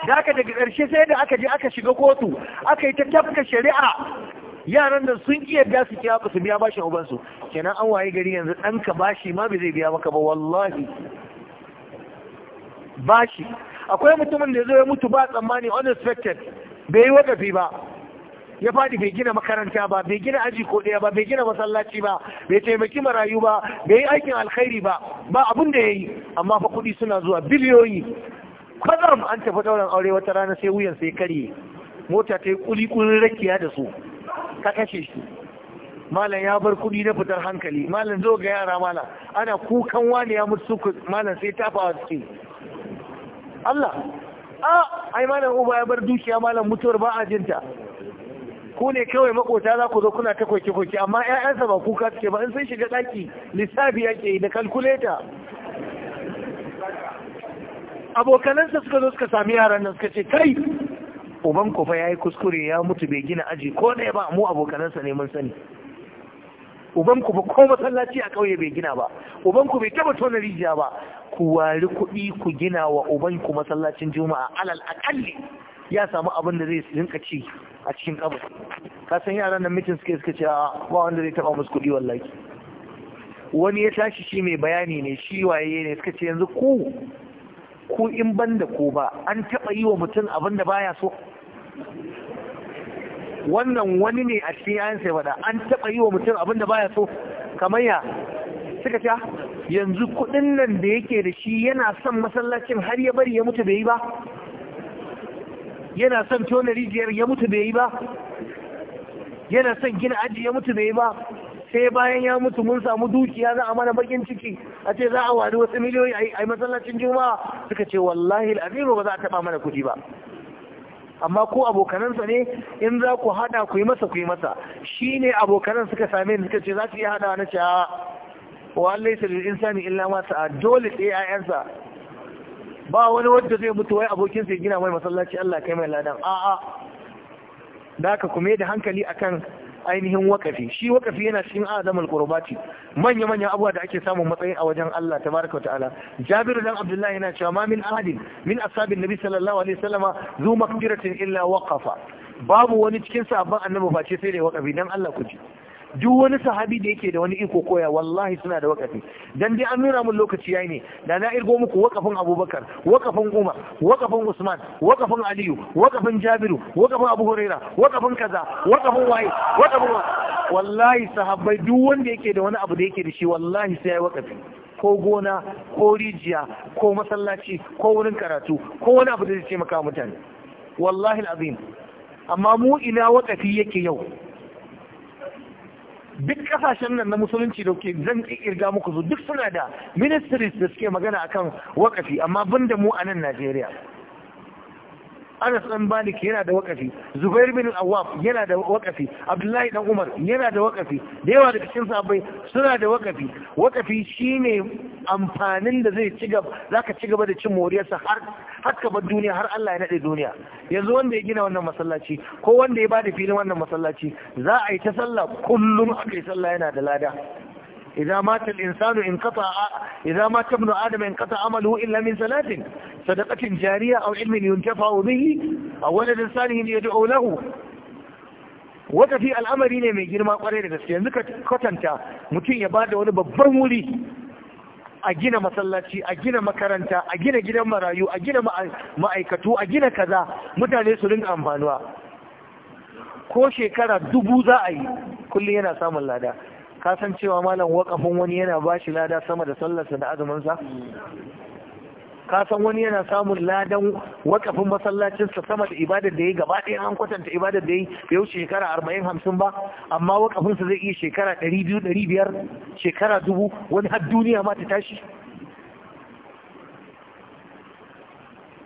da aka daga ƙarshe sai da aka je aka shiga kotu aka yi ta tafka shari'a yaran da sun iya da su kiya ba su biya bashin ubansu kenan an waye gari yanzu ɗanka bashi ma bai zai biya maka ba wallahi bashi akwai mutumin da zai mutu ba tsammani unexpected bai yi wakafi ba ya fadi bai gina makaranta ba bai gina aji ko daya ba bai gina masallaci ba bai taimaki marayu ba bai yi aikin alkhairi ba ba abin da ya yi amma fa kuɗi suna zuwa biliyoyi kwatsam an tafi ɗaurin aure wata rana sai wuyan sai karye mota ta yi kulikulin rakiya da su ka kashe shi malam ya bar kuɗi na fitar hankali malam zo ga yara malam ana kukan wani ya mutu malam sai tafawa suke Allah a ai malam uba ya bar dukiya malam mutuwar ba a jinta ku ne kawai makota za ku zo kuna ta koke koke amma ƴaƴansa ba kuka suke ba in sun shiga ɗaki lissafi yake da kalkuleta abokanansa suka zo suka sami yaran nan suka ce kai uban ku fa yayi kuskure ya mutu bai gina aji ko ɗaya ba mu abokanansa ne sani uban ku ba ko masallaci a kauye bai gina ba uban ku bai taba tona rijiya ba ku wari kuɗi ku gina wa ubanku masallacin juma'a alal akalli ya samu abin da zai rinka ci a cikin kabar ka san yaran nan mutum suke suka ce ba wanda zai taba musu kuɗi wallahi wani ya tashi shi mai bayani ne shi waye ne suka ce yanzu ku ku in ban da ku ba an taba yi wa mutum abin da baya so wannan wani ne a cikin yayin sai bada an taba yi wa mutum abin da baya so kamar ya suka ce ah, yanzu kudin nan da yake da shi yana son masallacin har ya bari ya mutu bai yi ba yana son tona rijiyar ya mutu bai yi ba yana son gina aji ya mutu bai yi ba sai bayan ya mutu mun samu dukiya za a mana bakin ciki a ce za a wani wasu miliyoyi a yi masallacin juma'a suka ce wallahi al'azimu ba za a taba mana kuɗi ba amma ko abokanansa ne in za ku hada ku yi masa ku yi masa shi ne abokanan suka same ni suka ce za su iya hada na ce wa laysa lil insani illa ma sa'a dole sai ƴaƴansa ba wani wanda zai mutu wai abokinsa ya gina mai masallaci Allah kai mai ladan a'a da haka kuma da hankali akan ainihin wakafi shi wakafi yana cikin azamul qurbati manya manya abuwa da ake samun matsayi a wajen Allah tabaraka wa ta'ala Jabir dan Abdullah yana cewa ma min ahadin min ashabin nabi sallallahu alaihi wasallama zu makfiratin illa waqafa babu wani cikin sahabban annabi face sai da wakafi dan Allah ku ji duk wani sahabi da yake da wani iko koya wallahi suna da wakafi dan dai an nuna mun lokaci yayi ne da na irgo muku wakafin Abubakar wakafin Umar wakafin Usman wakafin Aliyu wakafin Jabiru wakafin Abu Huraira wakafin kaza wakafin waye wakafin wallahi sahabbai duk wanda yake da wani abu da yake da shi wallahi sai ya wakafi ko gona ko rijiya ko masallaci ko wurin karatu ko wani abu da zai taimaka mutane wallahi alazim amma mu ina wakafi yake yau duk kasashen nan na musulunci da ke zan kirga muku su duk suna da ministries da suke magana akan wakafi amma banda mu a nan Najeriya Anas dan Malik yana da wakafi Zubair bin Awwaf yana da wakafi Abdullahi dan Umar yana da wakafi da yawa daga cikin sahabbai suna da wakafi wakafi shine amfanin da zai ci gaba zaka ci gaba da cin moriyarsa har har ka bar duniya har Allah ya nade duniya yanzu wanda ya gina wannan masallaci ko wanda ya bada filin wannan masallaci za a yi ta sallah kullum aka yi sallah yana da lada إذا مات الإنسان انقطع إذا مات ابن آدم انقطع عمله إلا من ثلاث صدقة جارية أو علم ينتفع به أو ولد صالح يدعو له wata fi al'amari ne mai girma kwarai da gaske yanzu ka kwatanta mutum ya ba da wani babban wuri a gina masallaci a gina makaranta a gina gidan marayu a gina ma'aikatu a gina kaza mutane su rinka amfanuwa ko shekara dubu za a yi kullum yana samun lada kasan cewa malam wakafin wani yana ba shi lada sama da sallarsa da azumansa. ka san wani yana samun ladan wakafin masallacinsa sama da ibadar da ya gaba ɗaya an kwatanta ibadar da ya yau shekara arba'in hamsin ba amma wakafinsa zai iya shekara ɗari biyu ɗari biyar shekara dubu wani har duniya ma ta tashi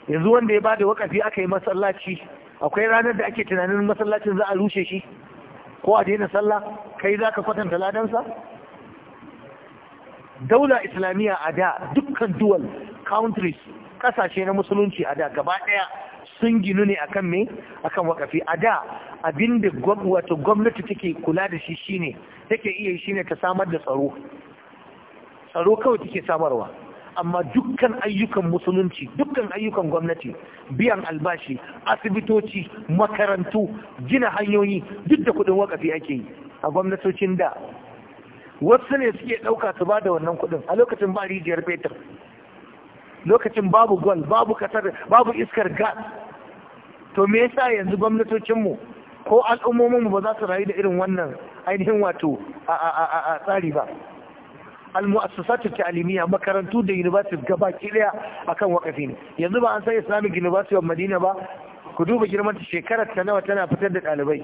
yanzu wanda ya ba da wakafi aka yi masallaci akwai ranar da ake tunanin masallacin za a rushe shi ko a daina sallah kai za ka kwatanta ladansa daula islamiyya a da dukkan duwal countries kasashe na musulunci a da gaba daya sun ginu ne akan me akan wakafi a da abinda wato gwamnati take kula da shi shine take iya yi, shine ta samar da tsaro tsaro kawai take samarwa amma dukkan ayyukan musulunci dukkan ayyukan gwamnati biyan albashi asibitoci makarantu gina hanyoyi duk da kudin wakafi ake yi a gwamnatocin da wasu ne suke ɗauka su ba da wannan kudin a lokacin ba rijiyar fetur lokacin babu gwal, babu kasar babu iskar gas to me yasa yanzu gwamnatocinmu ko al'ummominmu ba za su rayu da irin wannan ainihin wato a tsari ba al-mu'assasatu ta'limiyya makarantu da university gabaki daya akan wakafi ne yanzu ba an san Islamic University of Madina ba ku duba girman shekarar ta nawa tana fitar da ɗalibai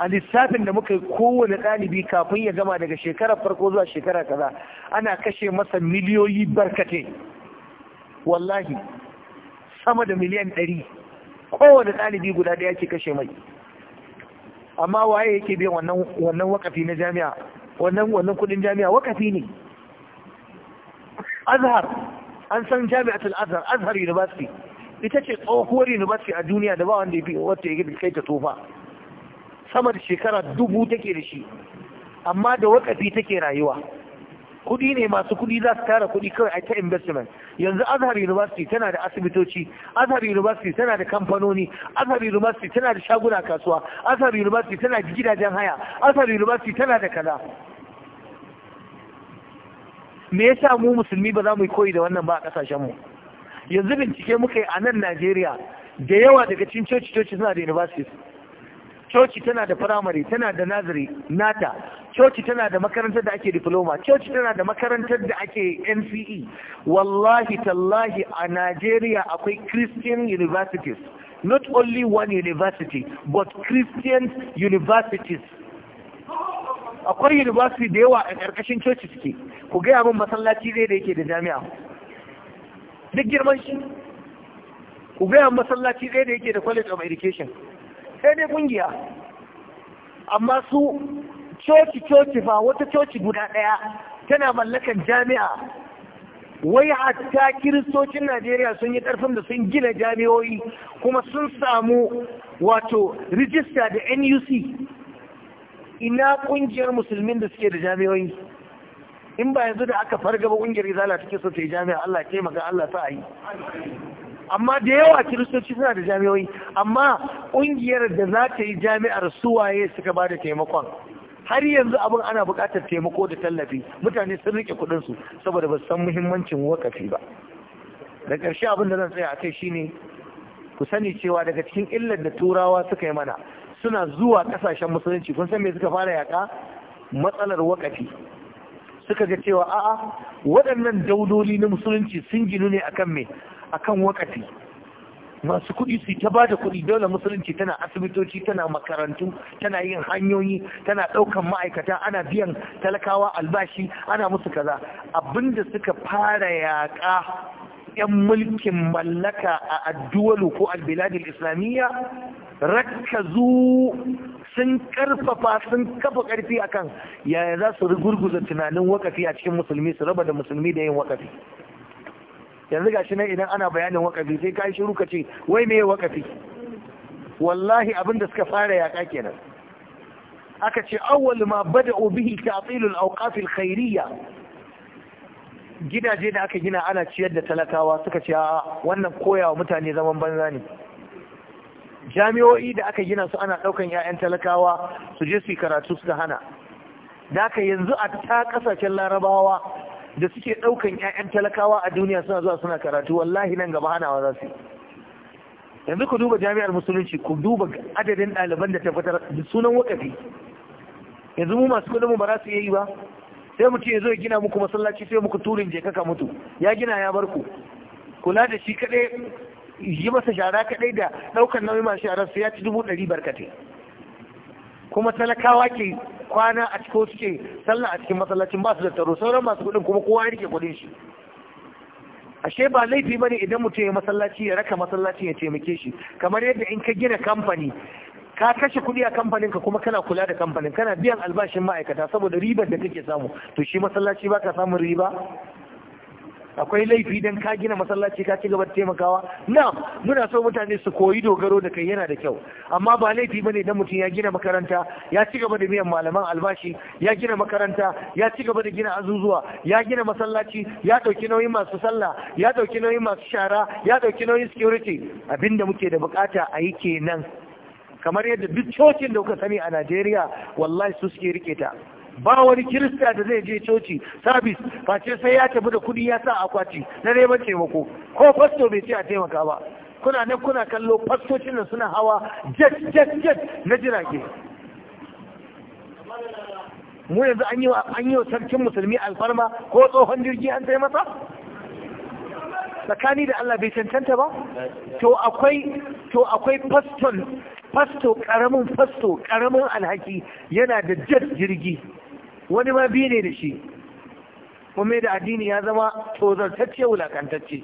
a lissafin da muka yi kowane ɗalibi kafin ya gama daga shekarar farko zuwa shekara kaza ana kashe masa miliyoyi barkate wallahi sama da miliyan ɗari kowane ɗalibi guda ɗaya ke kashe mai amma waye yake biyan wannan wakafi na jami'a wannan wannan kudin jami'a wakafi ne azhar an san jami'atul azhar azhar university ita ce tsohuwar university a duniya da ba wanda ya fi wata ya kai ta tofa sama da shekara dubu take da shi amma da wakafi take rayuwa kudi ne masu kudi za su tara kudi kawai a ta investment yanzu azhar university tana da asibitoci azhar university tana da kamfanoni azhar university tana da shaguna kasuwa azhar university tana da gidajen haya azhar university tana da kaza me yasa mu musulmi ba za mu yi koyi da wannan ba a kasashen mu yanzu bincike muka yi a nan Najeriya da yawa daga cin coci coci suna da universities coci tana da firamare tana da nazari nata coci tana da makarantar da ake diploma coci tana da makarantar da ake nce wallahi tallahi a nigeria akwai christian universities not only one university but christian universities akwai university da yawa a ƙarƙashin coci suke ku gaya min masallaci zai da yake da jami'a duk girman shi ku gaya masallaci zai da yake da college of education sai dai kungiya amma su coci coci ba wata coci guda ɗaya tana mallakan jami'a wai hatta kiristocin najeriya sun yi ɗarfin da sun gina jami'oi kuma sun samu wato rijista da nuc ina ƙungiyar musulmin da suke da jami'oi in ba yanzu da aka fargaba ƙungiyar izala take so ta yi jami'a allah ke taimaka allah ta amma da yawa kiristoci suna da jami'oi amma ƙungiyar da za ta yi jami'ar suwaye suka ba da taimakon har yanzu abin ana buƙatar taimako da tallafi mutane sun rike kuɗinsu saboda ba san muhimmancin wakafi ba da ƙarshe abin da zan tsaya a kai shine ku sani cewa daga cikin illar da turawa suka yi mana suna zuwa ƙasashen musulunci kun san me suka fara yaƙa matsalar wakafi suka ga cewa a'a waɗannan daudoli na musulunci sun ginu ne akan me akan wakati masu kuɗi su ta ba da kuɗi dole musulunci tana asibitoci tana makarantu tana yin hanyoyi tana ɗaukan ma'aikata ana biyan talakawa albashi ana musu kaza abinda suka fara yaƙa 'yan mulkin mallaka a addu'alu ko albiladil islamiyya rakkazu sun karfafa sun kafa karfi akan yaya za su gurguza tunanin wakafi a cikin musulmi su raba da musulmi da yin wakafi yanzu gashi nan idan ana bayanin wakafi sai kai shiru ka ce wai meye wakafi wallahi abin da suka fara yaka kenan aka ce awwal ma bada'u bihi al awqaf al-khairiyya gidaje da aka gina ana ciyar da talakawa suka ce wannan koyawa mutane zaman banza ne jami'o'i da aka gina su ana daukan 'ya'yan talakawa su je su karatu suka hana da aka yanzu a ta kasashen larabawa da suke ɗaukan 'ya'yan talakawa a duniya suna zuwa suna karatu wallahi nan gaba hanawa za su yanzu ku duba jami'ar musulunci ku duba adadin ɗaliban da tabbatar da sunan wakafi yanzu mu masu kudin mu ba za su yi ba sai mutum ya zo ya gina muku masallaci sai muku turin je kaka mutu ya gina ya bar ku kula da shi kaɗai yi masa shara kaɗai da ɗaukar nauyin masu shara sai ya ci dubu ɗari barkatai kuma talakawa ke kwana a cikin suke sallah a cikin masallacin ba su da taro sauran masu kuɗin kuma kowa ya rike kuɗin shi ashe ba laifi bane idan mutum ya masallaci ya raka masallacin ya taimake shi kamar yadda in ka gina kamfani ka kashe kuɗi a kamfanin ka kuma kana kula da kamfanin kana biyan albashin ma'aikata saboda ribar da kake samu to shi masallaci baka samun riba akwai laifi don ka gina masallaci ka ci gaba da taimakawa na muna so mutane su koyi dogaro da kai yana da kyau amma ba laifi bane dan mutum ya gina makaranta ya ci gaba da miyan malaman albashi ya gina makaranta ya ci gaba da gina azuzuwa ya gina masallaci ya dauki nauyin masu sallah ya dauki nauyin masu shara ya dauki nauyin security abinda muke da bukata a yi kenan kamar yadda duk cocin da kuka sani a Najeriya wallahi su suke riketa. ta ba wani kirista da zai je coci sabis face sai ya tafi da kuɗi ya sa akwati na neman taimako ko fasto bai ce a taimaka ba kuna nan kuna kallo fastocin nan suna hawa jet jet jet na jirage mu yanzu an yi an sarkin musulmi alfarma ko tsohon jirgi an sai masa tsakani da Allah bai cancanta ba to akwai to akwai faston fasto karamin fasto karamin alhaki yana da jet jirgi wani ma biyu ne da shi kuma da addini ya zama tozartacce wulakantacce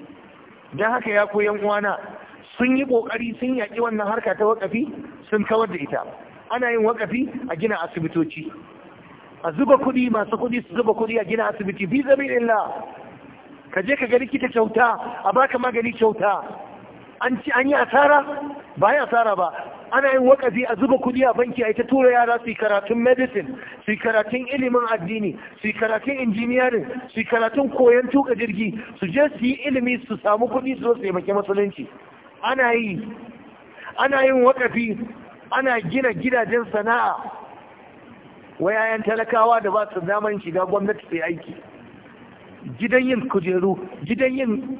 don haka ya koyan uwana sun yi kokari sun yaƙi wannan harka ta wakafi sun kawar da ita ana yin wakafi a gina asibitoci a zuba kuɗi masu kuɗi su zuba kuɗi a gina asibiti bi zabi illa ka je ka ga likita kyauta a baka magani kyauta an ci an yi asara ba yi asara ba ana yin wakazi a zuba kudi a banki a ita tura yara su karatun medicine su karatun ilimin addini su karatun engineering su karatun koyon tuka jirgi su je su yi ilimi su samu kudi su taimaki musulunci ana yi ana yin wakafi ana gina gidajen sana'a wayayen talakawa da ba su naman shiga gwamnati sai aiki gidan yin kujeru gidan yin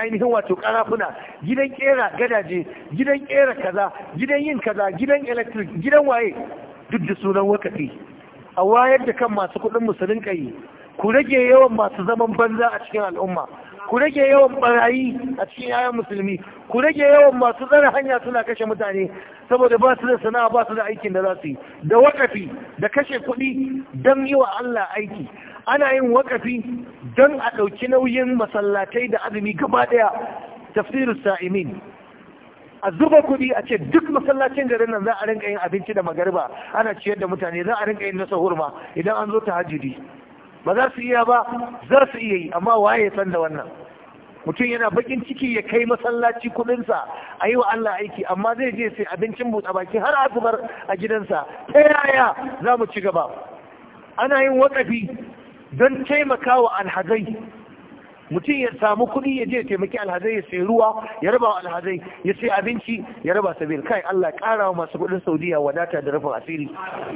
ainihin wato karafuna gidan kera gadaje gidan kera kaza gidan yin kaza gidan electric gidan waye duk da sunan wakafi a wayar da kan masu kuɗin musulun kai ku rage yawan masu zaman banza a cikin al'umma ku rage yawan barayi a cikin yayan musulmi ku rage yawan masu tsara hanya suna kashe mutane saboda ba su da sana'a ba su da aikin da za su yi da wakafi da kashe kuɗi don yi wa Allah aiki ana yin wakafi don a ɗauki nauyin masallatai da azumi gaba ɗaya tafsirin sa'imin a zuba kuɗi a ce duk masallacin garin nan za a rinka yin abinci da magariba ana ciyar da mutane za a rinka yin nasa hurma idan an zo ta hajjidi ba za su iya ba za su iya yi amma waye san da wannan mutum yana bakin ciki ya kai masallaci kuɗinsa a yi wa Allah aiki amma zai je sai abincin buɗa baki har azubar a gidansa ta yaya za mu ci gaba ana yin wakafi don taimaka wa alhazai mutum ya samu kuɗi ya je taimaki alhazai ya sai ruwa ya raba wa alhazai ya sai abinci ya raba sabil kai Allah kara wa masu kuɗin Saudiya wadata da rufin asiri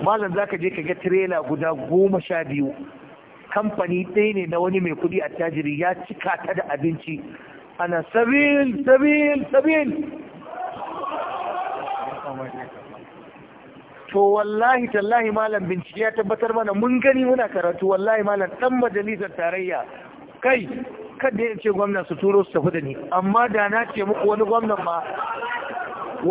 malam zaka je ka ga tirela guda goma sha biyu kamfani ɗaya ne na wani mai kuɗi a tajiri ya cika ta da abinci ana sabil sabil sabil to wallahi tallahi malam bincike ya tabbatar mana mun gani muna karatu wallahi malam dan majalisar tarayya kai kada ya ce gwamna su turo su tafi da ni amma da na ce muku wani gwamnan ma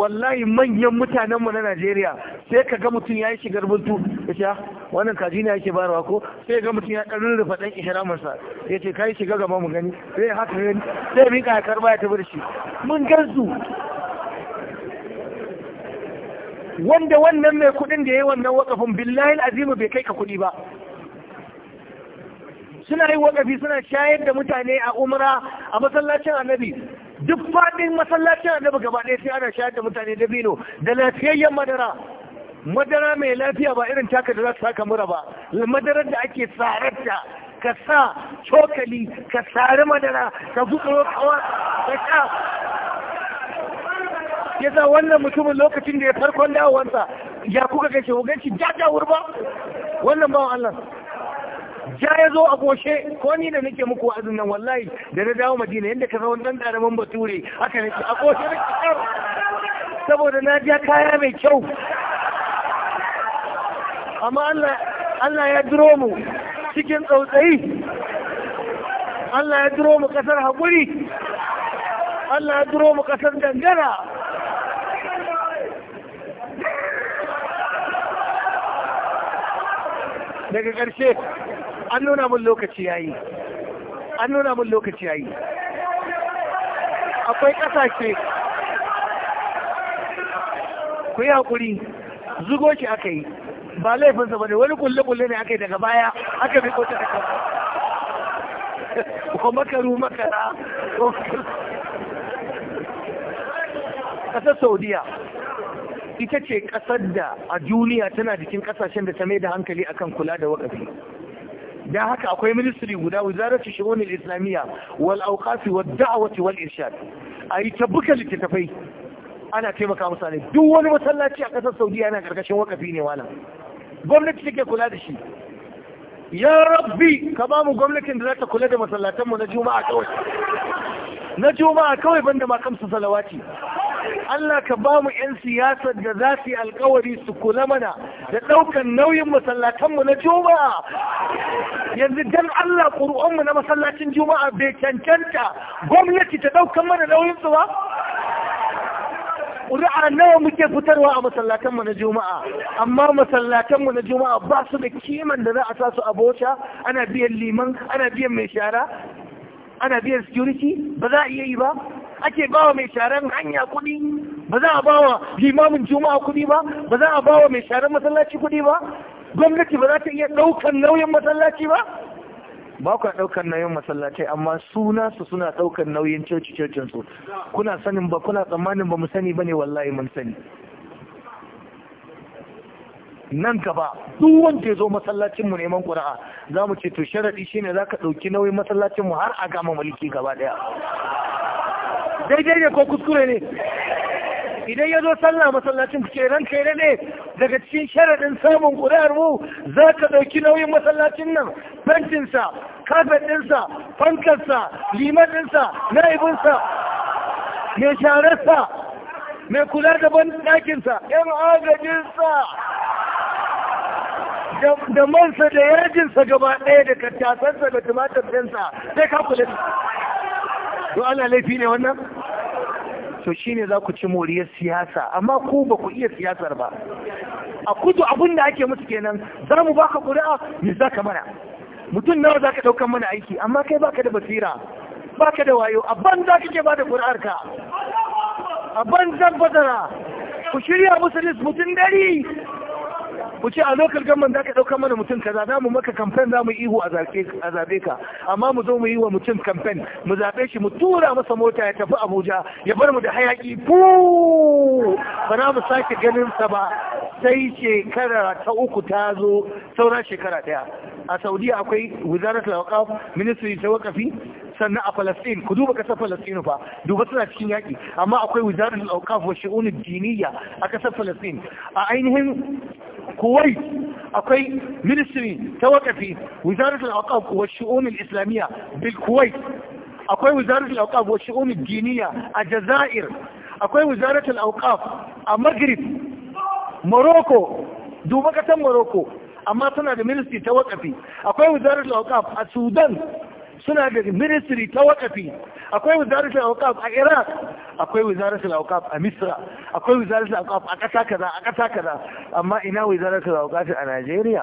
wallahi manyan mutanenmu na Najeriya sai ka ga mutum ya yi shigar buntu ya sha ah, wannan kaji ne yake bayarwa ko sai ga mutum ya ɗan rufe ɗan ihramarsa ya ce ka yi shiga gaba mu gani sai haka gani sai mika ya karba ya tafi da shi mun garzu wanda wannan mai kuɗin da ya yi wannan wakafin billahi azimu bai kai ka kuɗi ba suna yi wakafi suna shayar da mutane a umara a masallacin annabi duk faɗin masallacin annabi gaba ɗaya sai ana shayar da mutane da bino da lafiyayyen madara madara mai lafiya ba irin taka da za su saka mura ba madarar da ake tsararta ka sa cokali ka sari madara ka zuƙa ka sha yasa wannan mutumin lokacin da ya farkon dawowansa ya kuka kai shi ganci jajawur ba wannan bawan Allah ja ya zo a goshe ko ni da nake muku wa'azin nan wallahi da na dawo madina yanda ka zama dan mun bature haka nake a goshe kyau saboda na ja kaya mai kyau amma Allah Allah ya duro mu cikin tsautsayi Allah ya duro mu kasar hakuri? Allah ya duro mu kasar dangana daga ƙarshe an nuna mun lokaci yayi an nuna mun lokaci yayi akwai ƙasashe ku yi haƙuri zugo shi aka yi ba laifinsa ba ne wani kulle-kulle ne aka yi daga baya aka fi kota da kama ko makaru makara ƙasar saudiya ita ce ƙasar da a duniya tana jikin ƙasashen da ta mai da hankali akan kula da wakafi da haka akwai ministry guda wizaratu shugunil islamiyya wal awqafi wad da'wati wal irshad ayi ta buka littattafai ana taimaka musu ne duk wani masallaci a ƙasar saudiya yana karkashin wakafi ne wala gwamnati take kula da shi ya rabbi ka ba mu gwamnatin da za ta kula da masallatanmu na juma'a kawai na juma'a kawai banda ma kamsu salawati Allah ka ba mu 'yan siyasar da za su yi alkawari su kula mana da ɗaukar nauyin masallatanmu na juma'a yanzu dan Allah ƙuri'unmu na masallacin juma'a bai cancanta gwamnati ta ɗaukar mana nauyin su ba ƙuri'a nawa muke fitarwa a masallatanmu na juma'a amma masallatanmu na juma'a ba su da kiman da za a sa su a bota ana biyan liman ana biyan mai shara ana biyan security ba za a iya yi ba ake bawa mai sharan hanya kuɗi ba za a bawa limamin juma'a kuɗi ba ba za a bawa mai sharan masallaci kuɗi ba gwamnati ba za ta iya ɗaukan nauyin masallaci ba ba ku ɗaukar nauyin masallaci, amma suna su suna ɗaukar nauyin coci cocin su kuna sanin ba kuna tsammanin ba mu sani ba wallahi mun sani nan gaba duk wanda ya zo masallacin mu neman qur'a za mu ce to sharaɗi shine zaka ka ɗauki nauyin masallacin mu har a gama mulki gaba ɗaya daidai ne ko kuskure ne idan ya zo sallah masallacin ku ce ne daga cikin sharaɗin samun ƙuri'ar mu za ka ɗauki nauyin masallacin nan fentinsa kafet fankarsa liman na'ibinsa mai shararsa mai kula da ban ɗakinsa ɗan agajinsa da mansa da yajinsa gaba ɗaya da kattasansa da tumatir ɗinsa sai ka kula to ana laifi ne wannan to ne za ku ci moriyar siyasa amma ku ba ku iya siyasar ba a kudu abin da ake musu kenan za mu baka ƙuri'a me za ka mana mutum nawa za ka ɗaukan mana aiki amma kai baka da basira baka da wayo a ka ke ba da ƙuri'ar ka a zan bazara ku shirya musu mutum dari ku ce a local government za ka ɗauka mana mutum kaza za mu maka kamfen za mu ihu a zaɓe ka amma mu zo mu yi wa mutum kamfen mu zaɓe shi mu tura masa mota ya tafi abuja ya bar mu da hayaki fu ba mu sake ganin sa ba sai shekara ta uku ta zo sauran shekara ɗaya a saudiya akwai wizarat al-awqaf ministry ta wakafi sannan a Falastin ku duba kasar Falastin fa duba suna cikin yaki amma akwai wizarar al-awqaf wa shu'un ad a kasar Falastin a ainihin ku kuwait akwai ministry ta wakafi wizaratul awqaf wa shu'un al-islamiyya bil kuwait akwai wizaratul awqaf wa shu'un ad-diniyya a jazair akwai wizaratul awqaf a maghrib morocco duba kasan morocco amma tana da ministry ta wakafi akwai wizaratul awqaf a sudan suna da ministry ta wakafi akwai wizaratul awqaf a Iraq akwai wizaratul awqaf a Misra akwai wizaratul awqaf a ƙasa kaza a ƙasa kaza amma ina wizaratul awqaf a Najeriya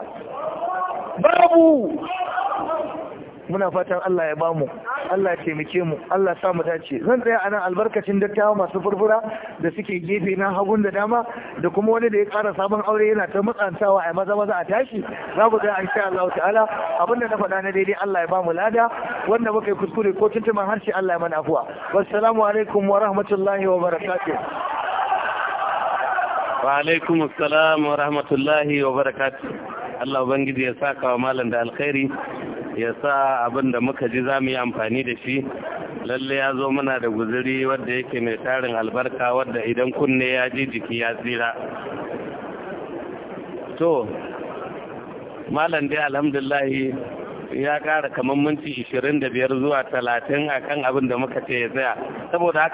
babu muna fatan Allah ya bamu Allah ya taimake mu Allah sa mu dace zan tsaya anan albarkacin dattawa masu furfura da suke gefe na hagun da dama da kuma wani da ya kara sabon aure yana ta matsantawa a maza maza a tashi za ku tsaya insha Allah ta'ala abinda na faɗa na daidai Allah ya bamu lada wanda muka yi kuskure ko tuntuman harshe Allah ya mana afuwa wassalamu alaikum wa rahmatullahi wa barakatuh wa alaikum assalam wa rahmatullahi wa barakatuh Allah ubangiji ya saka wa malam da alkhairi ya sa abin da muka ji za mu yi amfani da shi lalle ya zo mana da guzuri wadda yake mai tarin albarka wadda idan kunne ya ji jiki ya tsira to malam dai alhamdulahi ya ƙara kamar minti 25 zuwa 30 akan abin da muka ce ya tsaya saboda